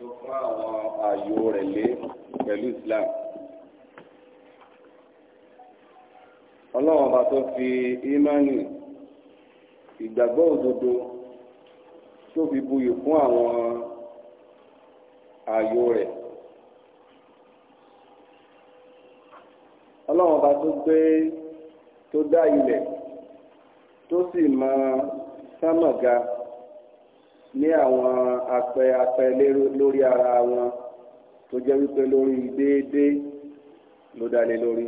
tó fún àwọn ààyò rẹ̀ lé pẹ̀lú Islam. ọlọ́run ọba tó fi ímánì ìgbàgbọ́ òdodo tó fi buyì fún àwọn ààyò rẹ̀. ọlọ́run ọba tó gbé tó dá ilẹ̀ tó sì máa sámọ̀ga ní àwọn apẹ apẹ lórí ara wọn tó jẹ́ wípé lórí déédéé ló dalé lórí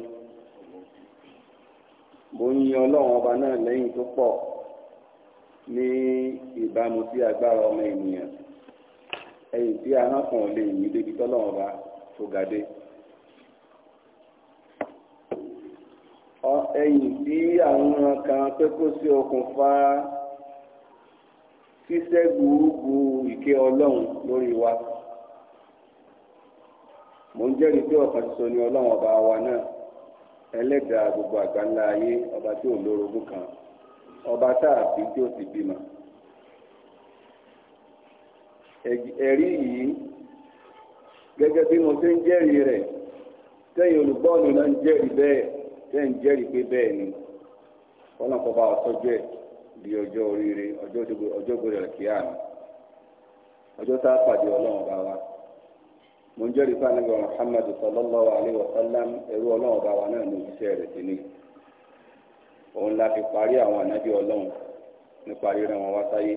mo ń yan ọlọ́run ọba náà lẹ́yìn tó pọ̀ ní ìbámu sí agbára ọmọ ènìyàn ẹ̀yìn tí ahọ́n kan ò lè yìn débi tọ́lọ́run ọba tó ga dé. ẹ̀yìn tí àwọn kan pé kó sí okùnfà ṣíṣẹ́ gbòógbò ìkẹ́ ọlọ́run lórí wa mo ń jẹ́rìí pé ọ̀kan ṣoṣo ni ọlọ́run ọba wa náà ẹlẹ́dàá gbogbo àgbáńlá ayé ọba tí ò lórogún kan ọba tá a bí tí ó sì bímọ. ẹ̀rí yìí gẹ́gẹ́ bí mo ṣe ń jẹ́rìí rẹ̀ sẹ́yìn olùgbọ́ọ̀lù náà ń jẹ́rìí bẹ́ẹ̀ sẹ́yìn jẹ́rìí pé bẹ́ẹ̀ ni ọlọ́run kọ́ bá ẹ̀ di ọjọ́ oríire ọjọ́ gbọdọ̀ kíá mi ọjọ́ tá a pàdé ọlọ́run bá wa mo ń jẹ́rìí fún àlejò Muhammad sallallahu alayhi wa sallam ẹrú ọlọ́run bá wa náà ní iṣẹ́ rẹ̀ sí ni òun la fi parí àwọn ànábì ọlọ́run nípa rírán wọn wá sáyé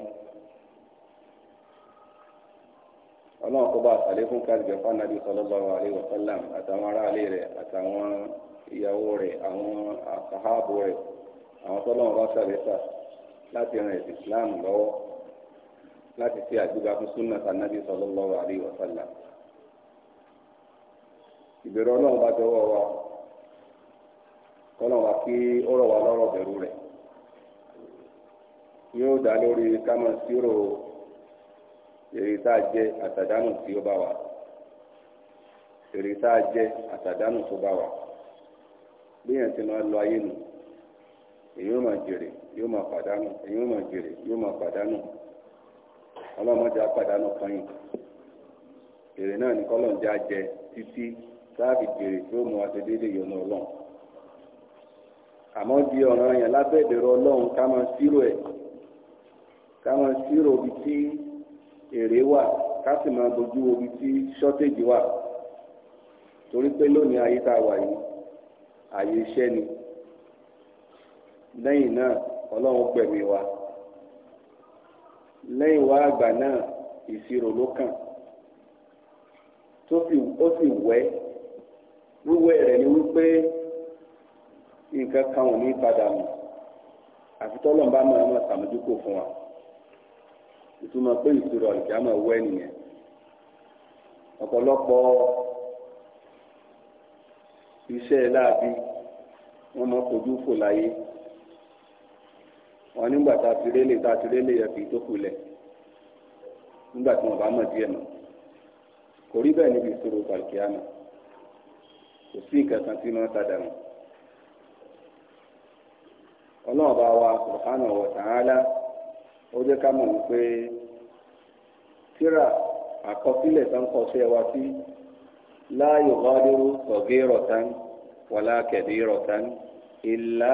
ọlọ́run kó bá àtàlẹ́ fún kájọ fún ànábì sallallahu alayhi wa sallam àtàwọn aráalé rẹ̀ àtàwọn ìyàwó rẹ̀ àwọn àkàhábò rẹ̀ àwọn tọ́lọ́run bá sàlẹ̀ sàlẹ̀ láti ran ẹ̀sìn islam lọ́wọ́ láti ṣe àgbéga fún súnà sànàbí sallallahu alaihi wa sallam. ìbẹ̀rù ọlọ́run bá jọwọ́ wa kọ́nà wa kí ó rọ̀ wá lọ́rọ̀ bẹ̀rù rẹ̀ yóò dá lórí kámọ́ sírò èrè tá a jẹ àtàdánù tí ó bá wà èrè tá a jẹ àtàdánù tó bá wà bí yẹn ti máa lọ ayé nù. èyí ó máa jèrè yóò máa pàdánù pàdánù á pàdánù èrè náà ní kọ́lọ́n jẹ́ títí sáàbì jèrè tí ó mú wa yọnu àmọ́ di ọ̀ràn yẹn lábẹ́ ìdèrò ọlọ́run ká máa sírò ká máa ibi tí èrè wà ká sì máa bójú ibi tí ṣọ́tẹ́jì wà torí pé lónìí ayé tá a wà yìí àyè iṣẹ́ ni lẹ́yìn náà ọlọ́run gbẹ̀mí wa lẹ́yìn wá àgbà náà ìṣirò ló kàn tó sì ó sì wẹ́ wíwẹ́ rẹ̀ ni wípé nǹkan kan ò ní padà mọ́ àfi tọ́lọ̀ ń bá máa máa sàmójúkò fún wa ìtumọ̀ pé ìṣirò àlùjámọ̀ wẹ́ nìyẹn ọ̀pọ̀lọpọ̀ iṣẹ́ wọ́n máa fò láyé. wọn nígbà tá a ti rélé tá a ti rélé yẹ fi tó kù nígbà tí wọn bá mọ̀ díẹ̀ mọ̀ kò rí bẹ́ẹ̀ níbi ìṣòro pàlùkìyàmù kò sí nǹkan kan tí wọn sádà mọ ọlọ́run bá wa subhanahu wa ta'ala ó jẹ́ ká mọ̀ wípé tíra àkọsílẹ̀ tó ń kọsẹ́ wa sí la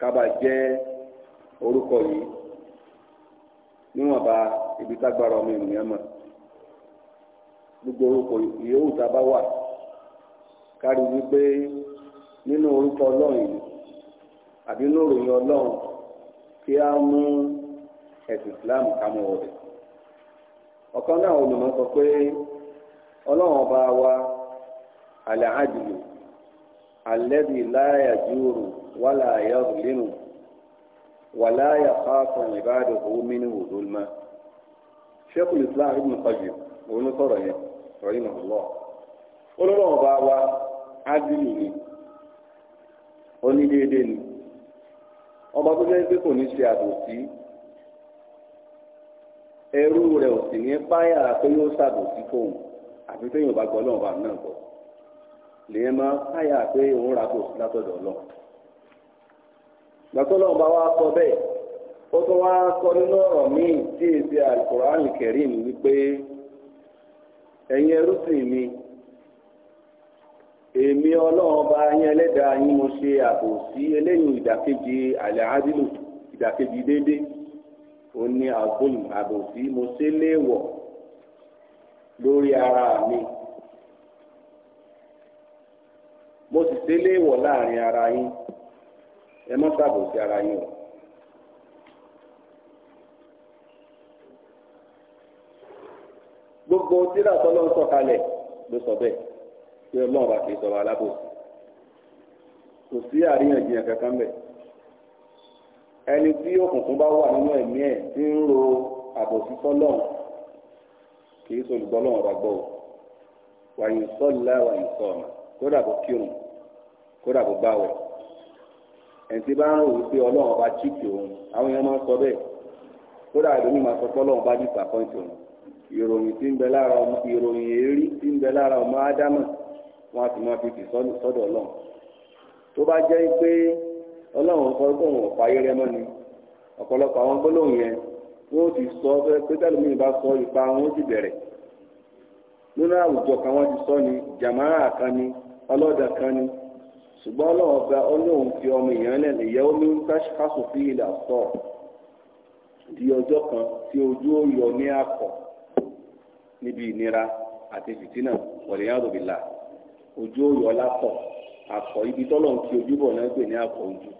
kaba jẹ orukọ yìí níwọ̀nba ibi tágbára ọmọ ènìyàn mọ̀ gbogbo orúkọ yòówù tá a bá wà kárí wípé nínú orúkọ ọlọ́run yìí àbí nínú òròyìn kí á mú ẹ̀sìn Islam ká mọ́ ọ̀rẹ́ ọ̀kan náà olùmọ̀ sọ pé ọba wa àjùlù ولا يظلم ولا wàlà ayàfà من ìbáàdàn owó mínú òdòlmá Sheikhul Islam Ibn Qayyim الله. ló sọ̀rọ̀ yẹn sọ̀rọ̀ ìmọ̀ ọ̀lọ́ olóòrùn ọba wa ádìlù ni onídéédé ni ọba tó jẹ́ pé kò ní ṣe àbòsí ẹrú rẹ̀ ò sì ní páyà pé yóò ṣàbòsí fóun àfi pé yóò bá gbọ́ ọlọ́run bá náà gbọ́ lèyẹn páyà pé òun rà bòsí látọ̀dọ̀ ọlọ́run. gbàtọ́lọ́ ọba wa sọ bẹ́ẹ̀ ó tún wá sọ nínú ọ̀rọ̀ míì tí èsì alukur'an kẹrin wípé ẹ̀yin ẹrúsìn mi èmi ọlọ́run ọba yẹn ẹlẹ́dàá yín mo ṣe àbò sí eléyìí ìdàkejì àlẹ́ àdìlù ìdàkejì déédéé ó ní àgbóyìn àbò sí mo ṣe léèwọ̀ lórí ara mi mo sì ṣe léèwọ̀ láàrin ara yín. ẹ má sábò sí ara yín o. gbogbo tíra tọ́lọ́ ń sọ̀kalẹ̀ ló sọ bẹ́ẹ̀ pé ọlọ́run bá kì í sọ̀rọ̀ alábòsí kò sí àríyànjiyàn kankan bẹ́ẹ̀ ẹni tí òkùnkùn bá wà nínú ẹ̀mí ẹ̀ tí ń ro àbòsí sọ́lọ́run kì í solùgbọ́ lọ́wọ́ bá gbọ́ o wàyí sọ́ọ̀lá wàyí sọ̀ọ̀nà kódà kó kírun kódà kó báwẹ̀. ẹ̀ǹtí bá ń rò wípé ọlọ́run ọba chíkì òun àwọn èèyàn máa ń sọ bẹ́ẹ̀ kódà ìdùnnú máa sọ ọba disappoint òun ìròyìn tí ń bẹ lára ọmọ ìròyìn èrí tí ń bẹ lára ọmọ ádámà wọn a ti máa fi sọ́dọ̀ ọlọ́run tó bá jẹ́ pé ọlọ́run sọ ọkọ òun mọ́ ni ọ̀pọ̀lọpọ̀ àwọn gbólóhùn yẹn wọn sọ pé tẹ́lẹ̀mí ṣùgbọ́n ọlọ́run ọba ọlọ́run fi ọmọ èèyàn lẹ́nu ìyẹ́ omi ń káṣíkáṣù sí ilẹ̀ àtọ̀ di ọjọ́ kan tí ojú ó yọ ní àkọ́ níbi ìnira àti fìtínà wọ̀lẹ́yìn àdòbìlà ojú ó yọ lápọ̀ àkọ́ ibi tọ́lọ́run fi ojú bọ̀ náà pè ní àkọ́ ojú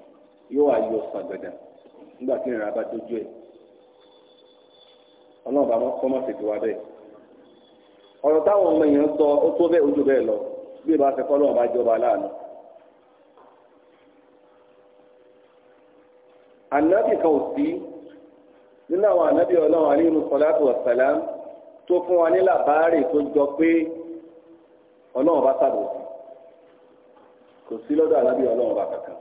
yóò wá yọ sàgbẹ̀dà nígbà tí ìrìn abá dójú ẹ̀ ọlọ́run bá kọ́ mọ́ tètè wá bẹ́ẹ̀ ọ̀rọ̀ táwọn ọmọ èèyàn sọ ó tó bẹ́ẹ̀ ojú bẹ́ẹ̀ lọ bí ìbá fẹ́ bá jọba láàánú Anabi kan ò sí nínú àwọn ànábì ọlọ́run alayhi salatu wa salam tó fún wa ní tó jọ pé ọlọ́run bá sàbò sí kò sí lọ́dọ̀ ànábì ọlọ́run bá kankan.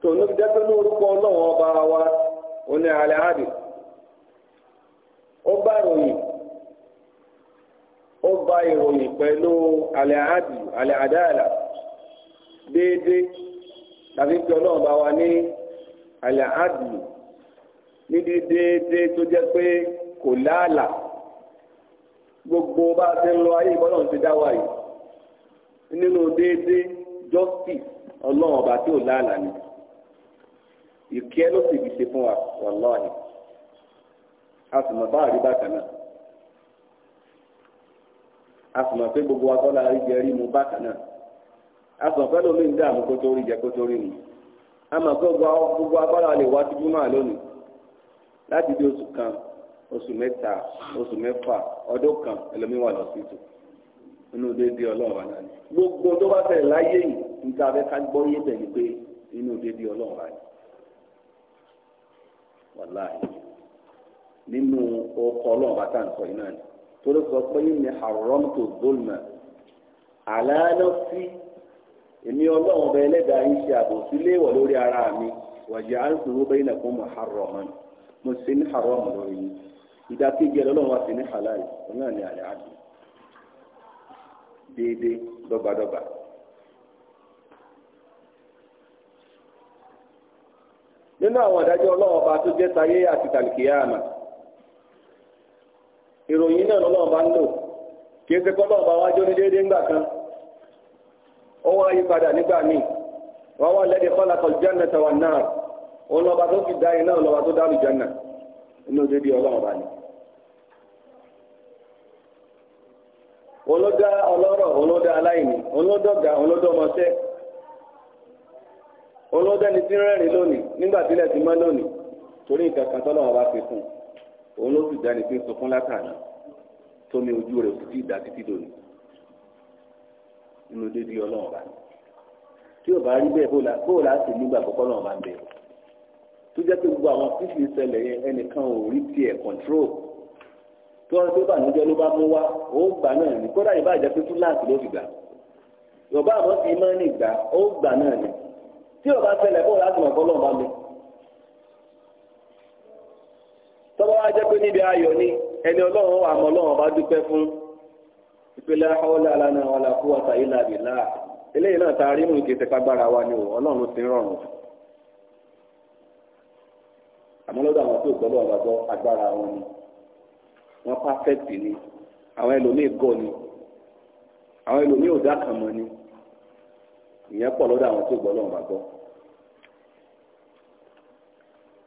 tòun ti dẹ́pẹ́ ní orúkọ ọba wa oní alẹ́ àdè ó bá ìròyìn ó bá ìròyìn pẹ̀lú alẹ́ déédéé tàbí pé ọlọ́run bá wa ní àlẹ́ àdùn níbi déédéé tó jẹ́ pé kò láàlà gbogbo bá a ti ń lọ ayé ìbọ́lọ̀ ti dá wa yìí nínú déédéé justice ọlọ́run ọba tí ò láàlà ni ìkẹ́ ló sì fi ṣe fún wa wàláhì a sì mọ̀ bá àríbá kan náà a sì mọ̀ pé gbogbo wa tọ́lá rí jẹ rí mu bákan náà asọ̀fẹ́ lómi ń dààmú kó tó rí jẹ kó tó rí mu àmọ́ pé gbogbo agbára lè wá dúdú náà lónìí láti di oṣù kan oṣù mẹ́ta oṣù mẹ́fà ọdún kan ẹlòmíwà lọ sí tù inú déédéé ọlọ́run wa náà ni gbogbo tó bá fẹ́ láyé yìí níta abẹ́ ká gbọ́ yé bẹ̀ ni pé inú déédéé ọlọ́run wa ni wàláhì nínú ọkọ̀ ọlọ́run bá tà ń sọ yìí náà ni torí sọ pé yìí ni àrọ́mtò dólmà àlàáfíà èmi ọlọ́run ọba ẹlẹ́dàá yín ṣe àbòsí léèwọ̀ lórí ara mi wàjà á ń sòwò bẹ́ẹ̀ nà fún muharraman mo ṣe ní haram lórí yín ìdákéjì ọlọ́run wa ṣe ní halal òun náà ní àlẹ́ àdùn déédéé dọ́gbadọ́gba. nínú àwọn àdájọ́ ọlọ́run ọba tó jẹ́ tayé àti tàlìkìyàmà ìròyìn náà lọ́lọ́run bá ń lò kí ẹsẹ̀ kọ́ ọlọ́run bá wájú ní déédéé ńgbà kan. ó wá nígbà míì wọ́n wá jẹ́nà náà òun tó fi dá iná lọ́ba tó dá lùjẹ́nà inú dédé ọlọ́run bá olódá ọlọ́rọ̀ olódá aláìní olódọ̀gà olódọ̀mọṣẹ́ tí ń rẹ́rìn ti mọ́ lónìí torí nǹkan kan fi fún un òun ló sì pé sọ nínú dédé ọlọ́run bá ní tí o bá rí bẹ́ẹ̀ bóòlù á sì nígbà àkọ́kọ́ náà máa ń bẹ̀rù tó jẹ́ pé gbogbo àwọn fífi ìṣẹ̀lẹ̀ yẹn ẹnìkan ò rí tiẹ̀ control tó wọn tó bànújẹ́ ló bá mú wá ó gbà náà ní kódà ìbá jẹ́ pé túláàsì ló fi gbà yorùbá àwọn fi máa ń ní ìgbà ó gbà náà ní tí ò bá ṣẹlẹ̀ bóòlù á sì mọ̀ kọ́lọ́ọ̀ bá mi tọ́wọ́ á jẹ́ pé níbi ìpele ọlẹ alánà wàlà ala wàtà ilà bìlà eléyìí náà ta rí mú ìkẹtẹ kágbára wa ni o Ọlọ́run ti rọrùn àmọ́ àwọn tó gbọdọ ọba agbára wọn ni wọn pàfẹ́tì ni àwọn ẹlòmíì gọ ni àwọn ẹlòmíì kan ni ìyẹn pọ̀ lọ́dọ̀ àwọn tó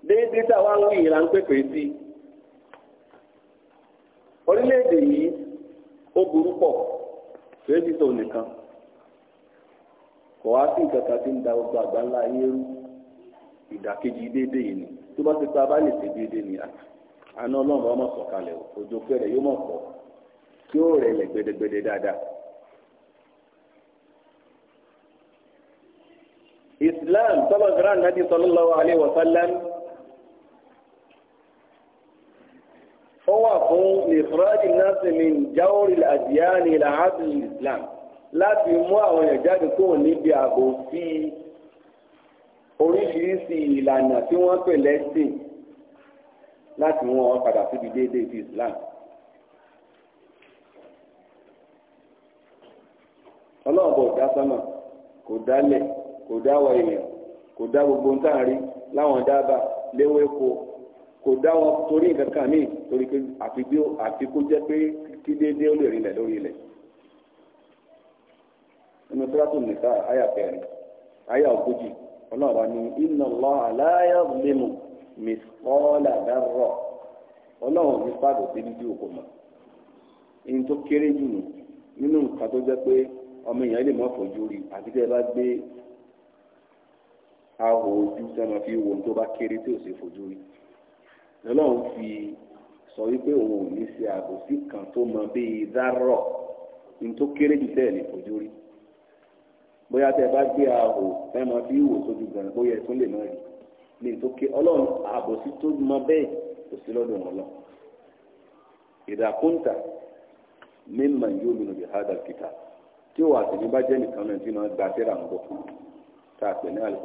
déédéé ń ìlànà sí ó burú pọ̀ fèéjì tó nìkan kò sí nǹkan kan tí ń da gbogbo àgbáńlá ayé rú ìdàkejì déédéé yìí ni tó bá ti pa bá lè ṣe déédéé ni àná ọlọ́run ọmọ sọ̀kalẹ̀ òjò kẹrẹ̀ yóò mọ̀ pọ̀ tí ó rẹ̀ lẹ̀ gbẹdẹgbẹdẹ dáadáa. Islam sọ́lọ́ nadi ti sallallahu alaihi wa sallam. òun lè fúrájì náà sì ní jáwórì àdìyáni làhásì islam láti mú àwọn èèyàn jáde kó níbi ààbò sí oríṣiríṣi ìlànà tí wọ́n pè lẹ́sìn láti mú wọn padà síbi déédéé ti islam. ọlọ́run bọ̀ dá sánmà kò dálẹ̀ kò dá wọ èèyàn kò dá gbogbo ń tàn rí láwọn dábàá léwéko kò dá wọn torí nǹkan kan míì torí pé àfi bí àfi kó jẹ́ pé kí déédéé ó lè rinlẹ̀ lórí ilẹ̀ nínú sọ́dọ̀tún nìka àyà kẹrin àyà ògójì ọlọ́ọ̀bá ní inna Allaha la yazlimu mithqala darra ọlọ́run ní fáàdù sí dídí òkò mọ́ ẹni tó kéré jù nínú nǹkan tó jẹ́ pé ọmọ èèyàn lè má fojú rí àti tẹ́ ẹ bá gbé ahò ojú tẹ́ fi wo tó bá kéré tí ò sì fojú rí lọ́lọ́run fi sọ wípé òun ò ní ṣe àbòsí kan tó mọ bíi dárọ̀ ní tó kéré jù tẹ́ẹ̀ lè fojú rí bóyá tẹ́ bá gbé ààbò ẹ máa fi wò sójú gan bóyá ẹ tún lè má rí ní tó ké ọlọ́run àbòsí tó mọ bẹ́ẹ̀ kò sí lọ́dọ̀ wọn lọ. ìdàkúntà mímọ yóò lùnà bí hádà kìtà tí ó wà sí ní bá jẹ́ nìkan náà tí máa gba tẹ́ra ń bọ̀ tá a pè ní al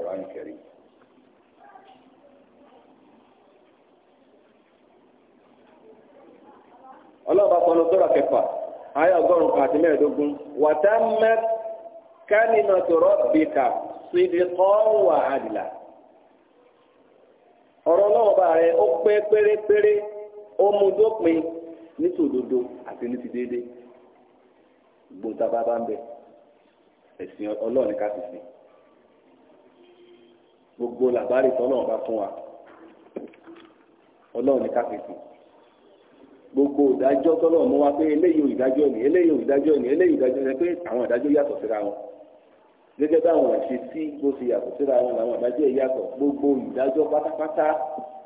ọlọ́ọ̀bá sọ̀rọ̀ sọ̀rọ̀ kẹfà ayé ọgọ́rùn-ún àti mẹ́ẹ̀ẹ́dógún wàtá mẹ́ kánínà tòrọ́ bìkà síbi kọ́ọ̀n wà àdìlà ọ̀rọ̀ ọlọ́ọ̀bá rẹ ó pé pérépéré ó mú dópin ní tòdodo àti ní ti déédéé gbóńtà bá bá ń bẹ ẹ̀sìn ọlọ́ọ̀ni ká sì sìn gbogbo làbárí tọ́lọ́ọ̀ fún wa ọlọ́ọ̀ni ká sì sìn. gbogbo ìdájọ́ tọ́lọ̀ mú wa pé eléyìí ìdájọ́ ni eléyìí ìdájọ́ ni eléyìí ìdájọ́ ni pé àwọn ìdájọ́ yàtọ̀ síra wọn gẹ́gẹ́ wọn ṣe sí bó ṣe yàtọ̀ síra wọn làwọn ìdájọ́ gbogbo ìdájọ́ pátápátá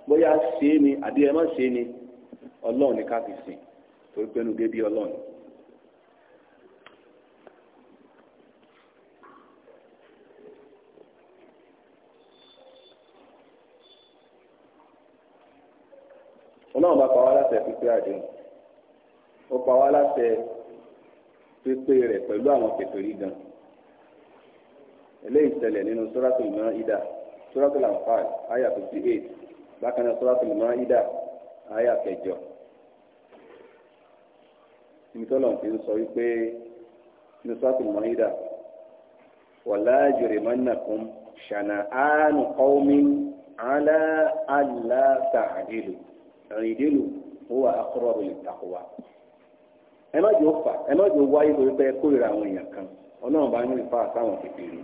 bóyá ṣe é ni àbí ẹ má ṣe é ọlọ́run bá pa wá láṣẹ pípé àdéhùn ó pa wá láṣẹ pípé rẹ̀ pẹ̀lú àwọn kèfèrí gan eléyìí ṣẹlẹ̀ nínú suratul Maida suratul Anfal àyà fifty eight bákan náà suratul Maida àyà kẹjọ nítorí ọ̀n ti ń sọ wípé ní suratul Maida wala jurimannakum shana'anu qawmin ala alla ta'dilu àrídìlù ó wà akọrọbù ìtàkùwà ẹ má jò fà ẹ má jò wáyé lórí pé kórìíra àwọn èèyàn kan ọlọ́run bá ní ìfà àtàwọn kékeré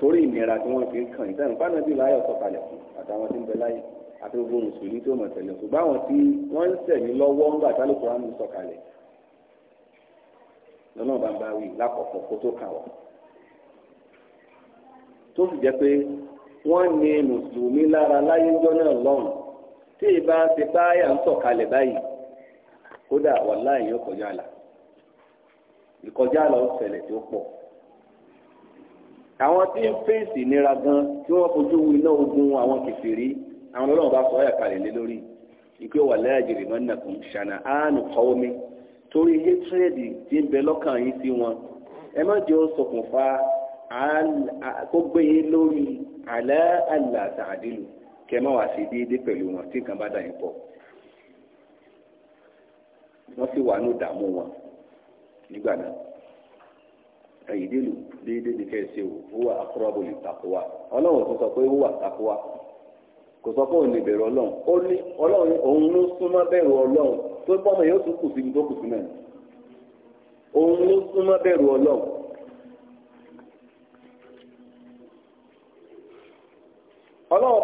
torí ìnira tí wọ́n fi ń kàn ìtàn ìbáná bí láyọ̀ sọ̀kalẹ̀ fún àtàwọn tí ń bẹ láyé àti gbogbo mùsùlùmí tí ó mọ̀ tẹ̀lé ṣùgbọ́n àwọn tí wọ́n ń tẹ̀lé lọ́wọ́ ńgbà tálùkù ránù sọ̀kalẹ̀ lọ́nà bá ń bá wí lákọ̀ọ̀kọ̀ kó tó kà wọ́n tó sì jẹ́ pé wọ́n ní mùsùlùmí lára láyé ńjọ́ náà lọ́rùn tí ìbá ti báyà ń sọ̀kalẹ̀ báyìí kódà wàláhì yóò kọjá àlà ìkọjá àlà ó ṣẹlẹ̀ tí ó pọ̀ àwọn tí ń fèsì nira gan tí wọ́n fojú wu iná ogun àwọn kìfìrí àwọn ọlọ́run bá sọ ọ́yà kalẹ̀ lé lórí ìpè wà láàjèrè mọ́nà kò ń ṣànà áàánú kọ́wọ́ torí hétírèdì tí ń bẹ lọ́kàn yín sí wọn ẹ má jẹ́ ó ṣokùnfà kó gbé yín lórí àlẹ́ àlà tàdílù kẹ mọ́ wá sí déédéé wọn tí nǹkan bá dà yín pọ̀ wọ́n sì wà ní ìdààmú wọn nígbà náà dèlù ni ṣe o ó wà lè takuwa ọlọ́run tó sọ pé ó takuwa kò sọ pé òun lè bẹ̀rù ọlọ́run ó ní ọlọ́run òun ló súnmọ́ bẹ̀rù ọlọ́run tó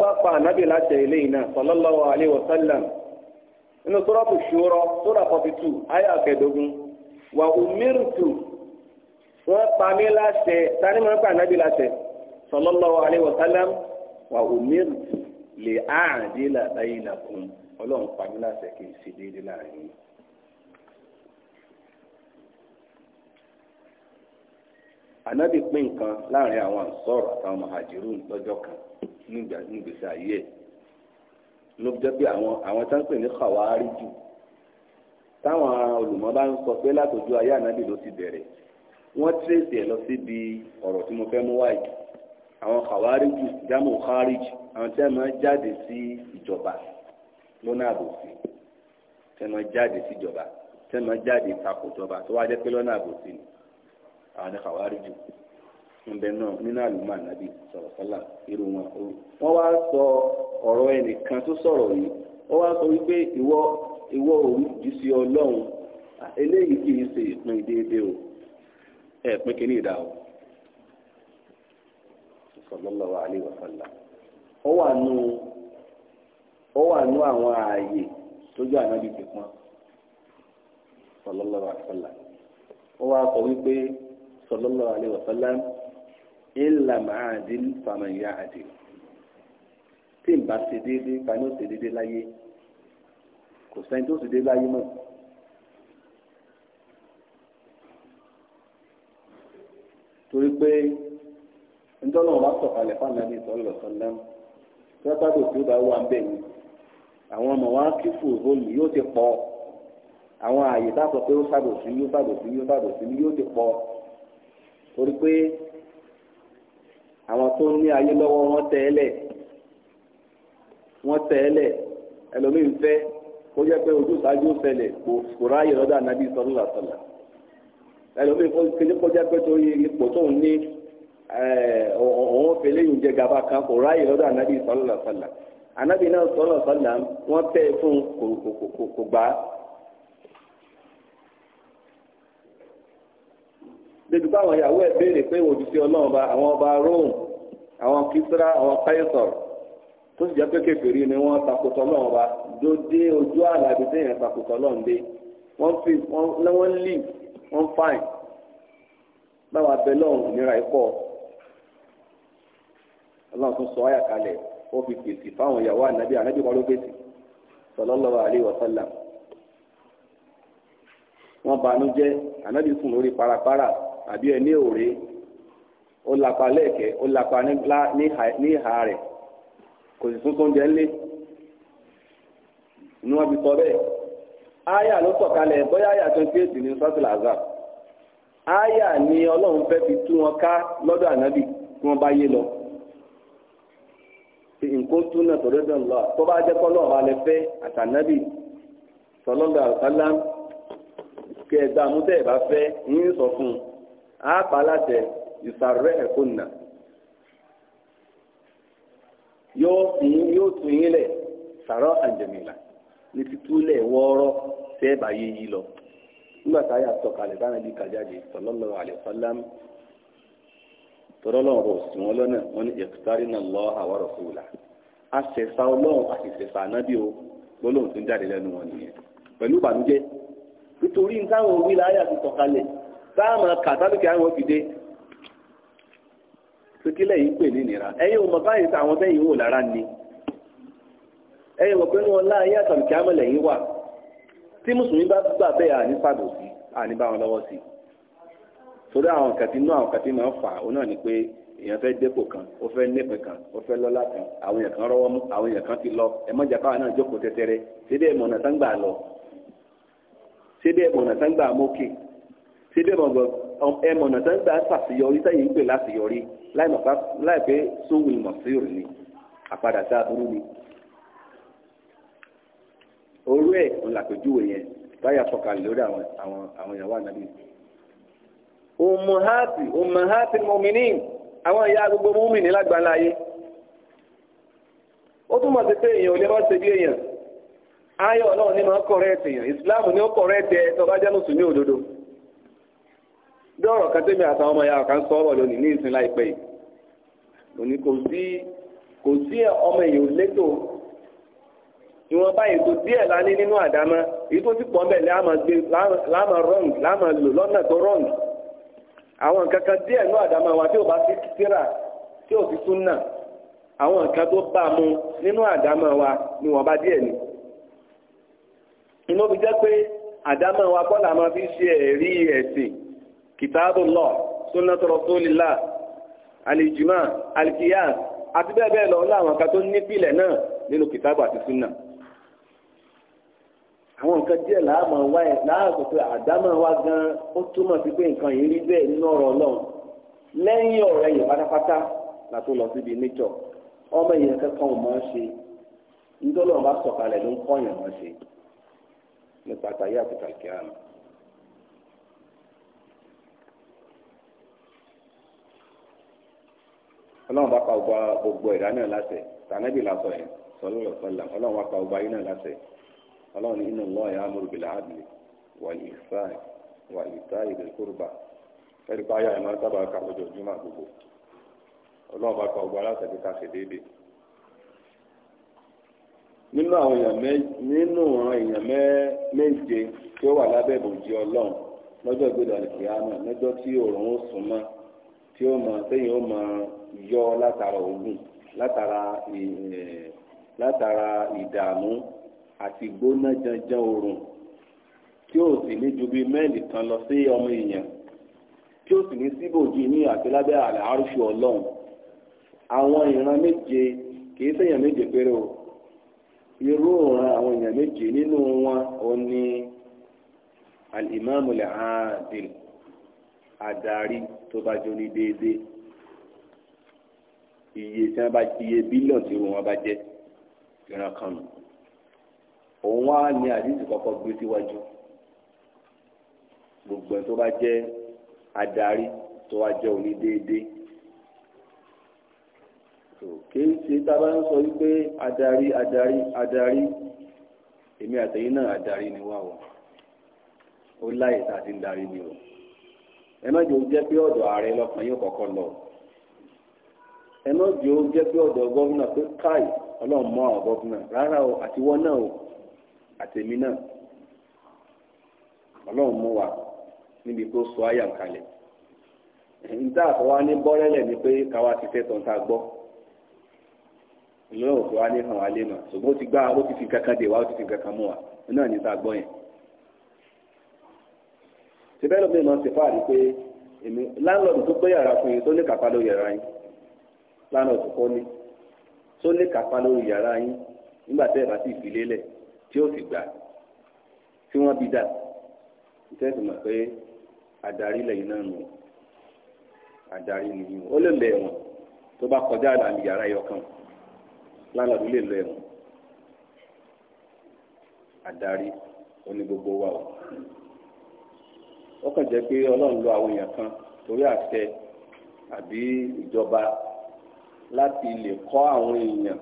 ọba pa ànábì láti ilé iná sallallahu alayhi wa sallam nínú sọ́rọ́pù ṣòro sọ́rọ́ forty two ayé kẹẹ̀dógún wà umirtu wọ́n pa mí láṣẹ tani máa ń pa ànábì láṣẹ sallallahu alayhi wa sallam wà umirtu lè áàdé làbáyé làkùn ọlọ́run pa mí láṣẹ kì í ṣe déédéé láàrin ànábì pín nǹkan láàrin àwọn àǹsọ̀rọ̀ àtàwọn màhàjírùn lọ́jọ́ kan nígbà nígbèsè ayé ẹ̀ ló jẹ́ pé àwọn àwọn tá ń pè ní kàwáárí jù táwọn olùmọ̀ bá ń sọ pé látọjú ayé ànábì ló ti bẹ̀rẹ̀ wọ́n tírèsì ẹ̀ lọ síbi ọ̀rọ̀ tí mo fẹ́ mú wáyé àwọn kàwáárí jù jámù kárìj àwọn tí wọ́n máa jáde sí ìjọba lọ́nà àbòsí tí wọ́n máa jáde sí ìjọba tí wọ́n máa jáde takò ìjọba tó wá pé lọ́nà àbòsí ni àwọn ni kàwáárí jù. ńbẹ náà nínú àlùmọ́ ànábì sọ̀rọ̀sọ́là irú wọn o wọ́n wá sọ ọ̀rọ̀ ẹnìkan tó sọ̀rọ̀ yìí wọ́n wá sọ wípé ìwọ ìwọ òun jù sí ọlọ́run eléyìí kì í ṣe ìpín déédéé o ẹ pín ìdá o wà nù ó wà nù àwọn ààyè ànábì pọn ilà máa di fàmìyà àdì tí n bá ṣe déédéé fani ó ṣe déédéé láyé kò sẹ́ni tó ṣe déédéé láyé mọ́. torí pé ntọ́nà wa sọ̀kalẹ̀ fáànàbí sọ̀lọ̀ sọ̀lá sọ́kàtò tí ó bá wà ń bẹ̀ ni àwọn ọmọ wa kí fòzólù yóò ti pọ̀ àwọn àyè tá a sọ pé ó ṣàbòsí yóò ṣàbòsí yóò ṣàbòsí yóò ti pọ̀ torí pé àwọn tó ní ayé lọ́wọ́ wọ́n tẹ̀ ẹ́ lẹ̀ wọ́n tẹ̀ ẹ́ lẹ̀ ẹlòmíì ń fẹ́ kó jẹ́ pé ojú ìsájú ń ṣẹlẹ̀ kò ráàyè lọ́dọ̀ ànábì sọ́lá sọ́lá ẹlòmíì kó jẹ́ pé torí ipò tóun ní òun fèlè yìí jẹ gàba kan kò ráàyè lọ́dọ̀ ànábì sọ́lá sọ́lá ànábì náà sọ́lá sọ́lá wọ́n tẹ̀ fún kò gbà á. débi pé àwọn ìyàwó ẹ̀ béèrè pé òjíṣẹ́ ọlọ́run ba àwọn ọba Rome àwọn Kisra àwọn Kaisar tó sì jẹ́ pé kékeré ni wọ́n takùtọ̀ náà wa dóde ojú àlàbí téèyàn takùtọ̀ náà ń dé wọ́n fi wọ́n lì wọ́n fáìn báwa bẹ lọ́hùn ìnira ikọ̀ ọlọ́run tún sọ ayà kalẹ̀ ó fi pèsè fáwọn ìyàwó ànábì ànábì kan ló pèsè sallallahu alaihi wasallam wọ́n banújẹ́ ànábì fún lórí parapara. Para àbí ẹ ní òré ó lapa lẹ́ẹ̀kẹ́ ó lapa ní ìhà rẹ̀ kò sì tún sóúnjẹ ńlé ni wọ́n fi sọ bẹ́ẹ̀ aya ló sọ̀kalẹ̀ bóyá aya twenty eight ní sọ́tìlá aya ni ọlọ́run fẹ́ fi tú wọn ká lọ́dọ̀ ànábì tí wọ́n bá yé lọ nǹkan tún náà tọ́lọ́ dàn lọ tó bá jẹ́ kọ́lọ́ ọ̀hún alẹ́ fẹ́ àtànábì sọlọ́dọ̀ àlùfáàlám kí ẹ gbà mú tẹ́ ẹ bá fẹ́ yín sọ fún un a pa láti ìsàrẹ́ ẹ̀kọ́ nà yóò tún yóò tún yín lẹ̀ sàrọ̀ àjẹmìlà ní titúlẹ̀ wọ́ọ́rọ́ tẹ́ báyé yìí lọ nígbà tá a yà sọ̀kalẹ̀ bá nàbí kàjáde sallallahu alaihi wasallam tọ́lọ́lọ́ sí wọn lọ́nà wọn ní iqtarina Allaha wa rasulahu àṣẹ̀fà ọlọ́run àṣẹ̀fà ànábì o gbólóhùn tó ń jáde lẹ́nu wọn nìyẹn pẹ̀lú ìbànújẹ́ nítorí nítawọn wí láyà ti sọ̀kalẹ̀ táàmù kàtàlùkì àwọn òfìdé sókílẹ̀ yìí pè ní ìnira ẹ̀yin ò báyìí sí àwọn tẹ́yìn wò lára ni ẹ̀yin mọ̀ pé ọlá wọn àtàlùkì àmọ̀lẹ̀ yìí wà tí mùsùlùmí bá gbà bẹ́ẹ̀ àní pàdò sí àní bá wọn lọ́wọ́ sí torí àwọn kàtí àwọn kàtí máa ń fà kan ó fẹ́ kan ó fẹ́ kan àwọn èèyàn kan rọ́wọ́ mú lọ ẹ náà jókòó tẹ́tẹ́rẹ́ lọ ṣé bẹ́ẹ̀ mọ̀nà ṣé bẹ́ẹ̀ mọ̀ ẹmọ̀ náà tẹ́ ń gbà ṣàṣeyọrí sẹ́yìn ń pè láṣeyọrí láìpẹ́ ni àpadà tá ni. orú ẹ̀ ń yẹn báyà lórí àwọn ìyàwó ànábì. àwọn ìyá gbogbo lágbàlá yé. ó sí pé èèyàn ò lè má ṣe bí èèyàn ayọ̀ ní máa kọ̀rẹ́ẹ̀tì èèyàn ìsìláàmù ní ó kọ̀rẹ́ẹ̀tì bí ọ̀rọ̀ kan tẹ́mi àtàwọn ọmọ ya kan sọ̀rọ̀ lónìí ní ìsìn láìpẹ́ yìí òní kò sí kò sí ọmọ èèyàn létò ìwọ̀n báyìí tó díẹ̀ lání nínú àdámọ́ èyí tó ti pọ̀ mbẹ̀ láàmà gbé láàmà rọ́ǹg láàmà lò lọ́nà tó rọ́ǹg àwọn nǹkan kan díẹ̀ nínú àdámọ́ wa tí ò bá sí tíra tí ò fi súnà àwọn nǹkan tó bá mu nínú àdámọ́ wa ni wọ́n bá díẹ̀ ni inú mi jẹ́ pé àdámọ́ wa kọ́ làwọn fi ṣe ẹ̀rí ẹ̀sìn كتاب الله سنة رسول الله àti bẹ́ẹ̀ bẹ́ẹ̀ lọ láwọn kan tó نبي لنا nínú kìtàbù àti súnà àwọn nǹkan díẹ̀ láàmú wá ẹ̀ láàbò pé àdámọ̀ wa gan ó túmọ̀ sí pé nǹkan yìí rí bẹ́ẹ̀ nínú ọ̀rọ̀ ọlọ́run lẹ́yìn ọ̀rọ̀ ẹ̀yìn pátápátá la tó lọ síbi níjọ ọmọ èèyàn kankan ò máa ń ṣe nítorí wọn bá sọ̀kalẹ̀ ló ń kọ́ yàn máa ṣe nípa àtàyé àtúntà kíá náà. ọlọ́run bá pa gbogbo ẹ̀dá náà láṣẹ tànẹ́bì lásọ yẹn sọlọ́ lọ́sọ̀lá ọlọ́run bá pa gbogbo ayé náà láṣẹ ọlọ́run ní inú lọ́ọ̀ yà á múru bìlà ábìlì wà ní ìfà wà ní ìfà ìdè kúrúbà ẹ̀rí pa ayé àmọ́ sábà ká lọ́jọ́ júmọ́ gbogbo ọlọ́run bá pa gbogbo aláṣẹ pé ká ṣe déédéé nínú àwọn èèyàn nínú àwọn èèyàn méje tí ó wà lábẹ́ ìbòjì ọlọ́run lọ́jọ́ ìgbéga tí ó mọ sẹ́yìn ó mọ yọ látara ogun látara látara ìdààmú àti gbóná janjan oorun tí ó sì ní ju bíi mẹ́ẹ̀lì kan lọ sí ọmọ èèyàn tí ó sì ní síbòjì ní àti lábẹ́ àlẹ́ àrùsù ọlọ́run àwọn ìran méje kìí sẹ́yìn méje péré o irú ìran àwọn èèyàn méje nínú wọn ò ní alimami al-adil adarí. Al tó bá jó ní déédéé iye tí wọn bá iye bílíọ̀nù tí wọn bá jẹ ìran kan nù òun wá ní àdínkù kọ́kọ́ gbé síwájú gbogbo ẹ̀ tó bá jẹ́ adarí tó wá jẹ́ onídéédé kìí ṣe tá a bá ń sọ wípé adarí adarí adarí èmi àtẹ̀yìn náà adarí ni wá o ó láyè tá a ti ń darí ni o. ẹ má jẹ́ o pé ọ̀dọ̀ ààrẹ lọ́kàn yóò kọ́kọ́ lọ ẹ jẹ́ o pé ọ̀dọ̀ gọ́vùnà pé káì ọlọ́run mọ́ àwọn rárá o àtiwọ́ náà o àtẹ̀mí náà ọlọ́run mú wa níbi tó sọ kalẹ̀ ní bọ́rẹ́lẹ̀ ni pé káwa ti fẹ́ tọ́ta gbọ́ ìlú náà ò ní hàn wá lé ti gbá ó ti fi kankan dè wá ó ti fi kankan mú wa náà ní gbọ́ yẹn. síbẹ̀ lómi máa ń ṣe fáàrí pé èmi láńlọ́ọ̀dù tó gbé yàrá fún yín tó ní kápá lórí yàrá yín láńlọ́ọ̀dù kọ́ ni tó ní kápá lórí yàrá yín nígbà tẹ́ ẹ̀ bá sì fi lélẹ̀ tí ó sì gbà tí wọ́n bí dà ìtẹ́sí mọ̀ pé adarí lẹ́yìn náà nù adarí nìyí ó lè lọ ẹ̀wọ̀n tó bá kọjá àlàmì yàrá ẹ̀yọkan láńlọ́ọ̀dù lè lọ ẹ̀wọ̀n adarí oní gbogbo wa o ó kàn jẹ́ pé ọlọ́run lo àwọn èèyàn kan torí àṣẹ àbí ìjọba láti lè kọ́ àwọn èèyàn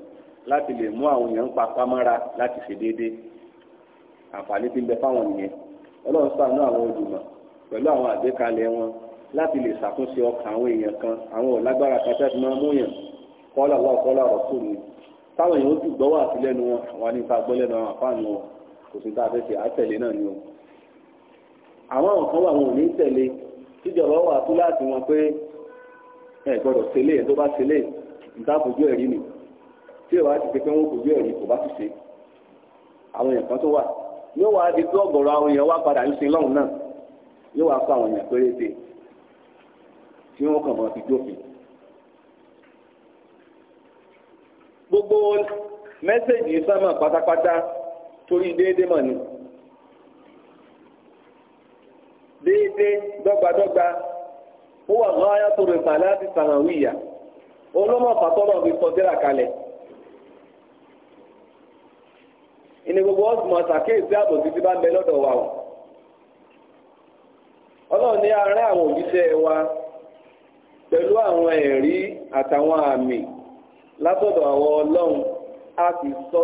láti lè mú àwọn èèyàn papá mọ́ra láti ṣe déédéé àǹfààní tí ń bẹ fáwọn nìyẹn ọlọ́run ṣàánú àwọn olùmọ̀ pẹ̀lú àwọn àgbékalẹ̀ wọn láti lè ṣàtúnṣe ọkàn àwọn èèyàn kan àwọn ọ̀lágbára kan tẹ́tí máa mú yàn kọ́lá lọ́wọ́ kọ́lá ọ̀rọ̀ kù ni táwọn èèyàn ó sì gbọ́wọ́ àtìlẹ́nu wọn àwọn nípa gbọ́lẹ́nu àwọn àfáàní wọn kò sí tá a fẹ́ ṣe àtẹ̀lé náà ni o àwọn nǹkan wà wọn ò ní tẹ̀lé tíjọba wà tó láti wọn pé ẹ gbọ́dọ̀ tẹ̀lé tó bá tẹ̀lé níta kojú ẹ̀rí nì tí ìwà ti pé pé wọn kojú ẹ̀rí kò bá ti ṣe àwọn èèyàn kan tó wà yóò wá di tó ọ̀gọ̀rọ̀ àwọn èèyàn wá padà ń sin lọ́hùn náà yóò wá kó àwọn èèyàn péréte tí wọn kàn máa fi jófin. gbogbo mẹ́sẹ̀gì sámà pátápátá torí déédéé mọ̀ ni. déédéé dọ́gbadọ́gba ó wà ní ayatò rẹ̀fà láti sàmàwí ìyá olómọ̀ fàtọ́nà fi kọjá kalẹ̀ ìní gbogbo ọ̀sùnmọ̀ ṣàkíyèsí àbòsí ti bá bẹ lọ́dọ̀ wa o ọlọ́run ní ará àwọn òjíṣẹ́ wa pẹ̀lú àwọn ẹ̀rí àtàwọn àmì látọ̀dọ̀ àwọn ọlọ́run a sì sọ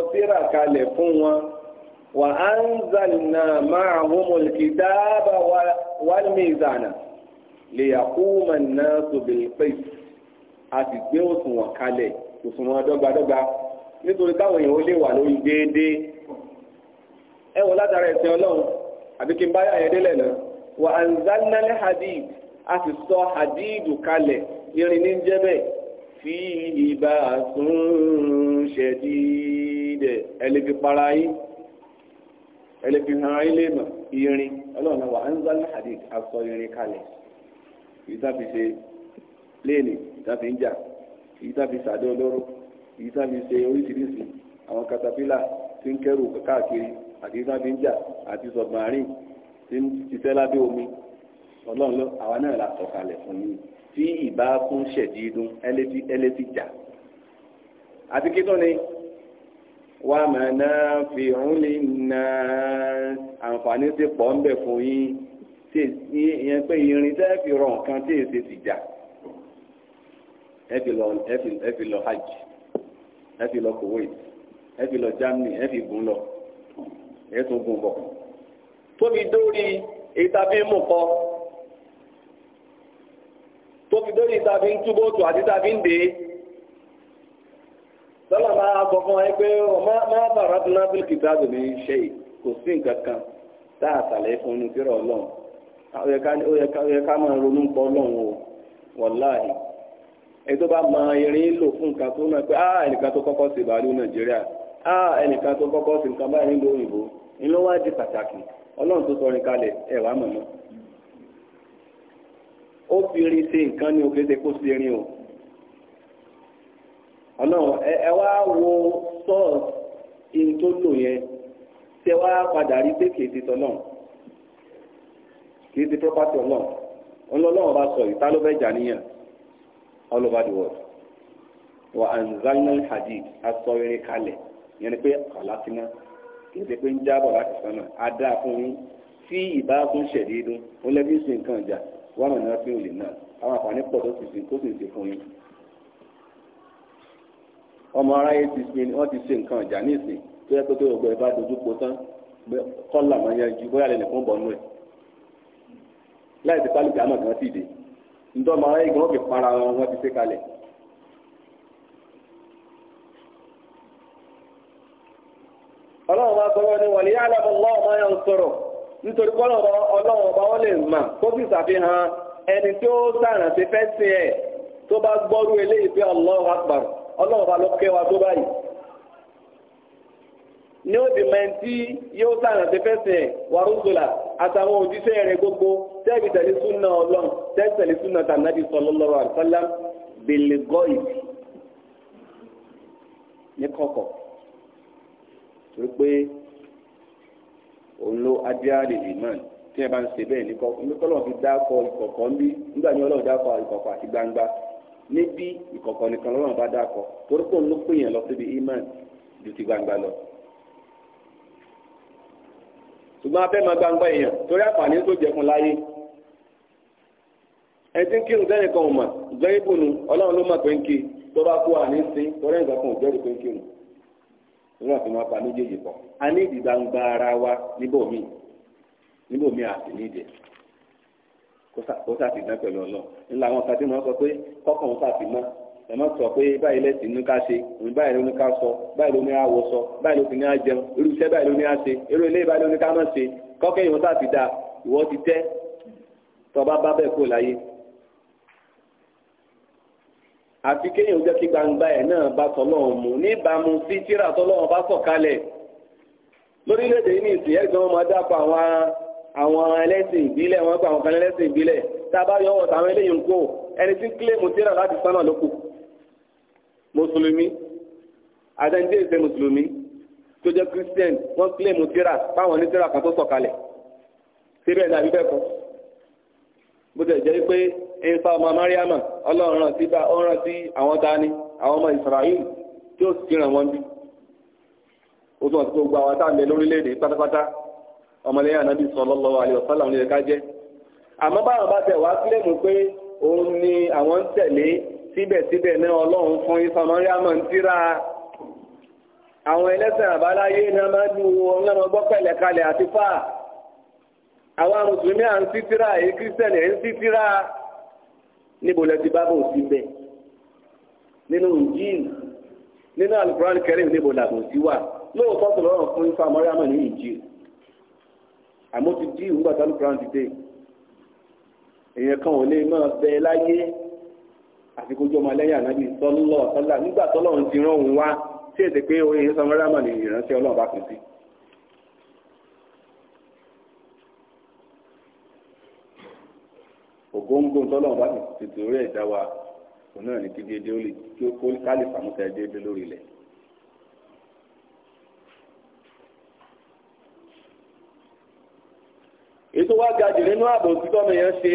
kalẹ̀ fún wọn وأنزلنا معهم الكتاب والميزان ليقوم الناس بالقسط àti gbé òṣùwọ̀n kalẹ̀ òṣùwọ̀n dọ́gbadọ́gba nítorí táwọn èèyàn ó lè wà lórí déédéé ẹ wọ látara ẹ̀sìn ọlọ́run àbí kí n bá yà yẹn délẹ̀ náà wà á ń zánálẹ̀ hadid a sì sọ hadid kalẹ̀ irin ní jẹ́bẹ̀ fi ìbá sùn ṣẹ̀dí dẹ̀ ẹ lè fi para yín ẹlẹ́fihàn ilẹ̀mọ̀ irin ọlọ́run wa anzal hadid asọ irin kalẹ̀ èyí tá fi ṣe léènì tá fi ń jà èyí tá fi ṣàdé olóró èyí tá fi ṣe oríṣiríṣi àwọn katapila tí ń kẹ́rù káàkiri àti èyí tá fi ń jà àti sọ̀gbọ̀nrín tí ń ṣiṣẹ́ lábẹ́ omi ọlọ́run àwa náà la sọ̀ fún yín tí ìbá kún ṣẹ̀dí dún ẹlẹ́tí jà àti kí tó ni wà màná fi òǹlì nà àǹfààní ti pọ̀ ń bẹ̀ fún yín tí ìyẹn pé irin tẹ́ fi rọ nǹkan tí èsì ti jà ẹ fi lọ hajj ẹ fi lọ Kuwait ẹ fi lọ Germany ẹ fi gùn lọ ẹ tún gùn bọ̀ tóbi dórí ìtàbí mú kọ tóbi dórí ìtàbí ń túbọ̀ tù àti ìtàbí ń dè sọ́nà máa sọ fún ẹ pé máa bàrà tó náà bílíkì táàbù ní ṣe kò sí nǹkan kan tá a sàlẹ̀ fún un kírọ̀ ọlọ́run ó yẹ ká máa ronú pọ̀ ọlọ́run o wàláhì èyí tó bá mọ irin lò fún nǹkan tó náà pé ah ẹnìkan tó kọ́kọ́ sí ìbàlú nàìjíríà ah ẹnìkan tó kọ́kọ́ sí nǹkan báyìí nílùú òyìnbó ni ló wá di pàtàkì ọlọ́run tó sọrin kalẹ̀ ẹ̀ wá mọ̀ náà ó fi irin ṣe nǹkan ní òkè ṣe kó sí irin o. ọlọ́run ẹ wá wo sọ́ọ̀sì in tó lò yẹn tẹ wá padà rí pé kìí ti tọ́lọ́run kìí ti property ọlọ́run ọlọ́run bá sọ ìta ló fẹ́ jà níyàn all over the world wa anzalnal hadid asọ irin kalẹ̀ yẹn ni pé kàlákínà kìí ti pé ń jábọ̀ láti sọ́nà á dáa fún yín tí ìbáàkún ṣẹ̀dí dún ó lẹ́bí sí nǹkan ìjà wọ́n mọ̀ fi náà àwọn àǹfààní pọ̀ tó sì sí sì sí fún yín. ọmọ aráyé ti ṣe wọ́n ti ṣe nǹkan tó yẹ tó yọ ẹ bá dojú tán máa bóyá láì sí ọmọ gan fi para wọn ti kalẹ̀. ọlọ́run ni ọmọ ọmọ yẹn sọ̀rọ̀ nítorí kọ́lọ̀ ọlọ́run ọba wọn lè mà kó sì ṣàfihàn ẹni tó fẹ́ sí tó ọlọ́run bá ló kẹ́ wa tó báyìí ní ó di mẹ́ntì yóò sàrán ti fẹ́sẹ̀ wàrúùsùlà àtàwọn òjíṣẹ́ rẹ̀ gbogbo tẹ́ẹ̀bì tẹ̀lé súnà ọlọ́run tẹ́ẹ̀bì tẹ̀lé súnà tànàbí sallallahu alaihi wasallam bèlè gọ́ì ní kọ̀kọ̀ torí pé òun ló adíárì ìmọ̀n tí ẹ bá ń ṣe bẹ́ẹ̀ ní kọ́kọ́ ọlọ́run fi dákọ̀ ìkọ̀kọ̀ ń bí nígbà ní ọlọ́run dákọ̀ ìkọ̀kọ̀ àti gbangba. níbí ìkọ̀kọ̀ nìkan lọ́wọ́ bá dákọ̀ torí pé òun ló iman ju ti gbangba lọ. ṣùgbọ́n afẹ́ máa gbangba èèyàn torí àǹfààní tó jẹ fún láyé. ẹni tí ń kírun sẹ́yìn kan ò mà gbẹ́ ọlọ́run ló mà pé ń tó bá kú àní sí torí kan ò gbẹ́rù pé ń kírun. a ní kó sàfi ná pẹ̀lú ọlọ́run ńlá àwọn kan tí sọ pé kọ́kàn wọn sàfi ná ẹ má sọ pé báyìí lẹ́sìn inú ká ṣe òun báyìí ló ní ká sọ báyìí ló ní àwọ̀ sọ báyìí ló ti ní àjẹun irú iṣẹ́ báyìí ló ní àṣe irú ilé báyìí ló ní ká má ṣe kọ́kẹ́ ìwọ̀n sàfi dá ìwọ ti tẹ́ tọba bá bẹ́ẹ̀ kó láyé àfi kéèyàn jẹ́ kí gbangba ẹ̀ náà bá tọ́lọ́run mu níbàámu sí tíra tọ́lọ́run bá sọ̀kalẹ̀ lórílẹ̀-èdè yìí nìsín ẹ̀gbọ́n máa dápọ̀ àwọn àwọn ẹlẹ́sìn ìbílẹ̀ wọn gba àwọn kan ẹlẹ́sìn ìbílẹ̀ tá a bá yọ ọ̀tá àwọn eléyìí ń kó ẹni tí kílèmù tíra láti sánà ló kù mùsùlùmí àtẹnudé ìṣe mùsùlùmí tó jẹ́ christian wọ́n kílèmù tíra báwọn ní tíra kan tó sọ̀kalẹ̀ síbẹ̀ ní àbíbẹ̀ kan bó tẹ̀ jẹ́ pé ẹnfà ọmọ mariama ọlọ́run rántí bá ọ rántí àwọn dání àwọn ọmọ israel tí ó sì ràn wọ́n bí ó tún àti gbogbo àwọn táàmì lórílẹ̀-èdè pátápátá ọmọlẹ́yìn anabi sallallahu alaihi wasallam lè ká jẹ́ àmọ́ báwọn bá tẹ̀ wá sílẹ̀mù pé òun ni àwọn ń tẹ̀lé síbẹ̀síbẹ̀ náà ọlọ́run fún ìfọmọ́ríàmọ̀ ń tíra àwọn ẹlẹ́sìn àbáláyé náà máa lu ọlọ́run gbọ́pẹ̀lẹ̀ kalẹ̀ àti fáà àwọn mùsùlùmí à ń sí nínú ìjìn kẹrin níbo làbò sí wà lóòótọ́ sọ̀rọ̀ fún ìfọmọ́ríàmọ̀ ní ìjìn àmọ́ ti dí ìhùn gbàtà lùkùrán dìde èèyàn kan ò lè máa bẹ láyé àfikójú ọmọ alẹ́yà náà bíi sọ́lọ́ ọ̀sọ́lá nígbà tọ́lọ́run ti rán òun wá tí èdè pé oyin sanwó-rámà ni ìránṣẹ́ ọlọ́run bá kàn sí. ògóńgó tọ́lọ́run bá tètè orí ẹ̀dá wa òun náà ní kí déédéé ó lè kí ó kó kálífà mú ká déédéé lórí ilẹ̀. èyí tó wá ga jù nínú àbòsí tọ́mọ yẹn ṣe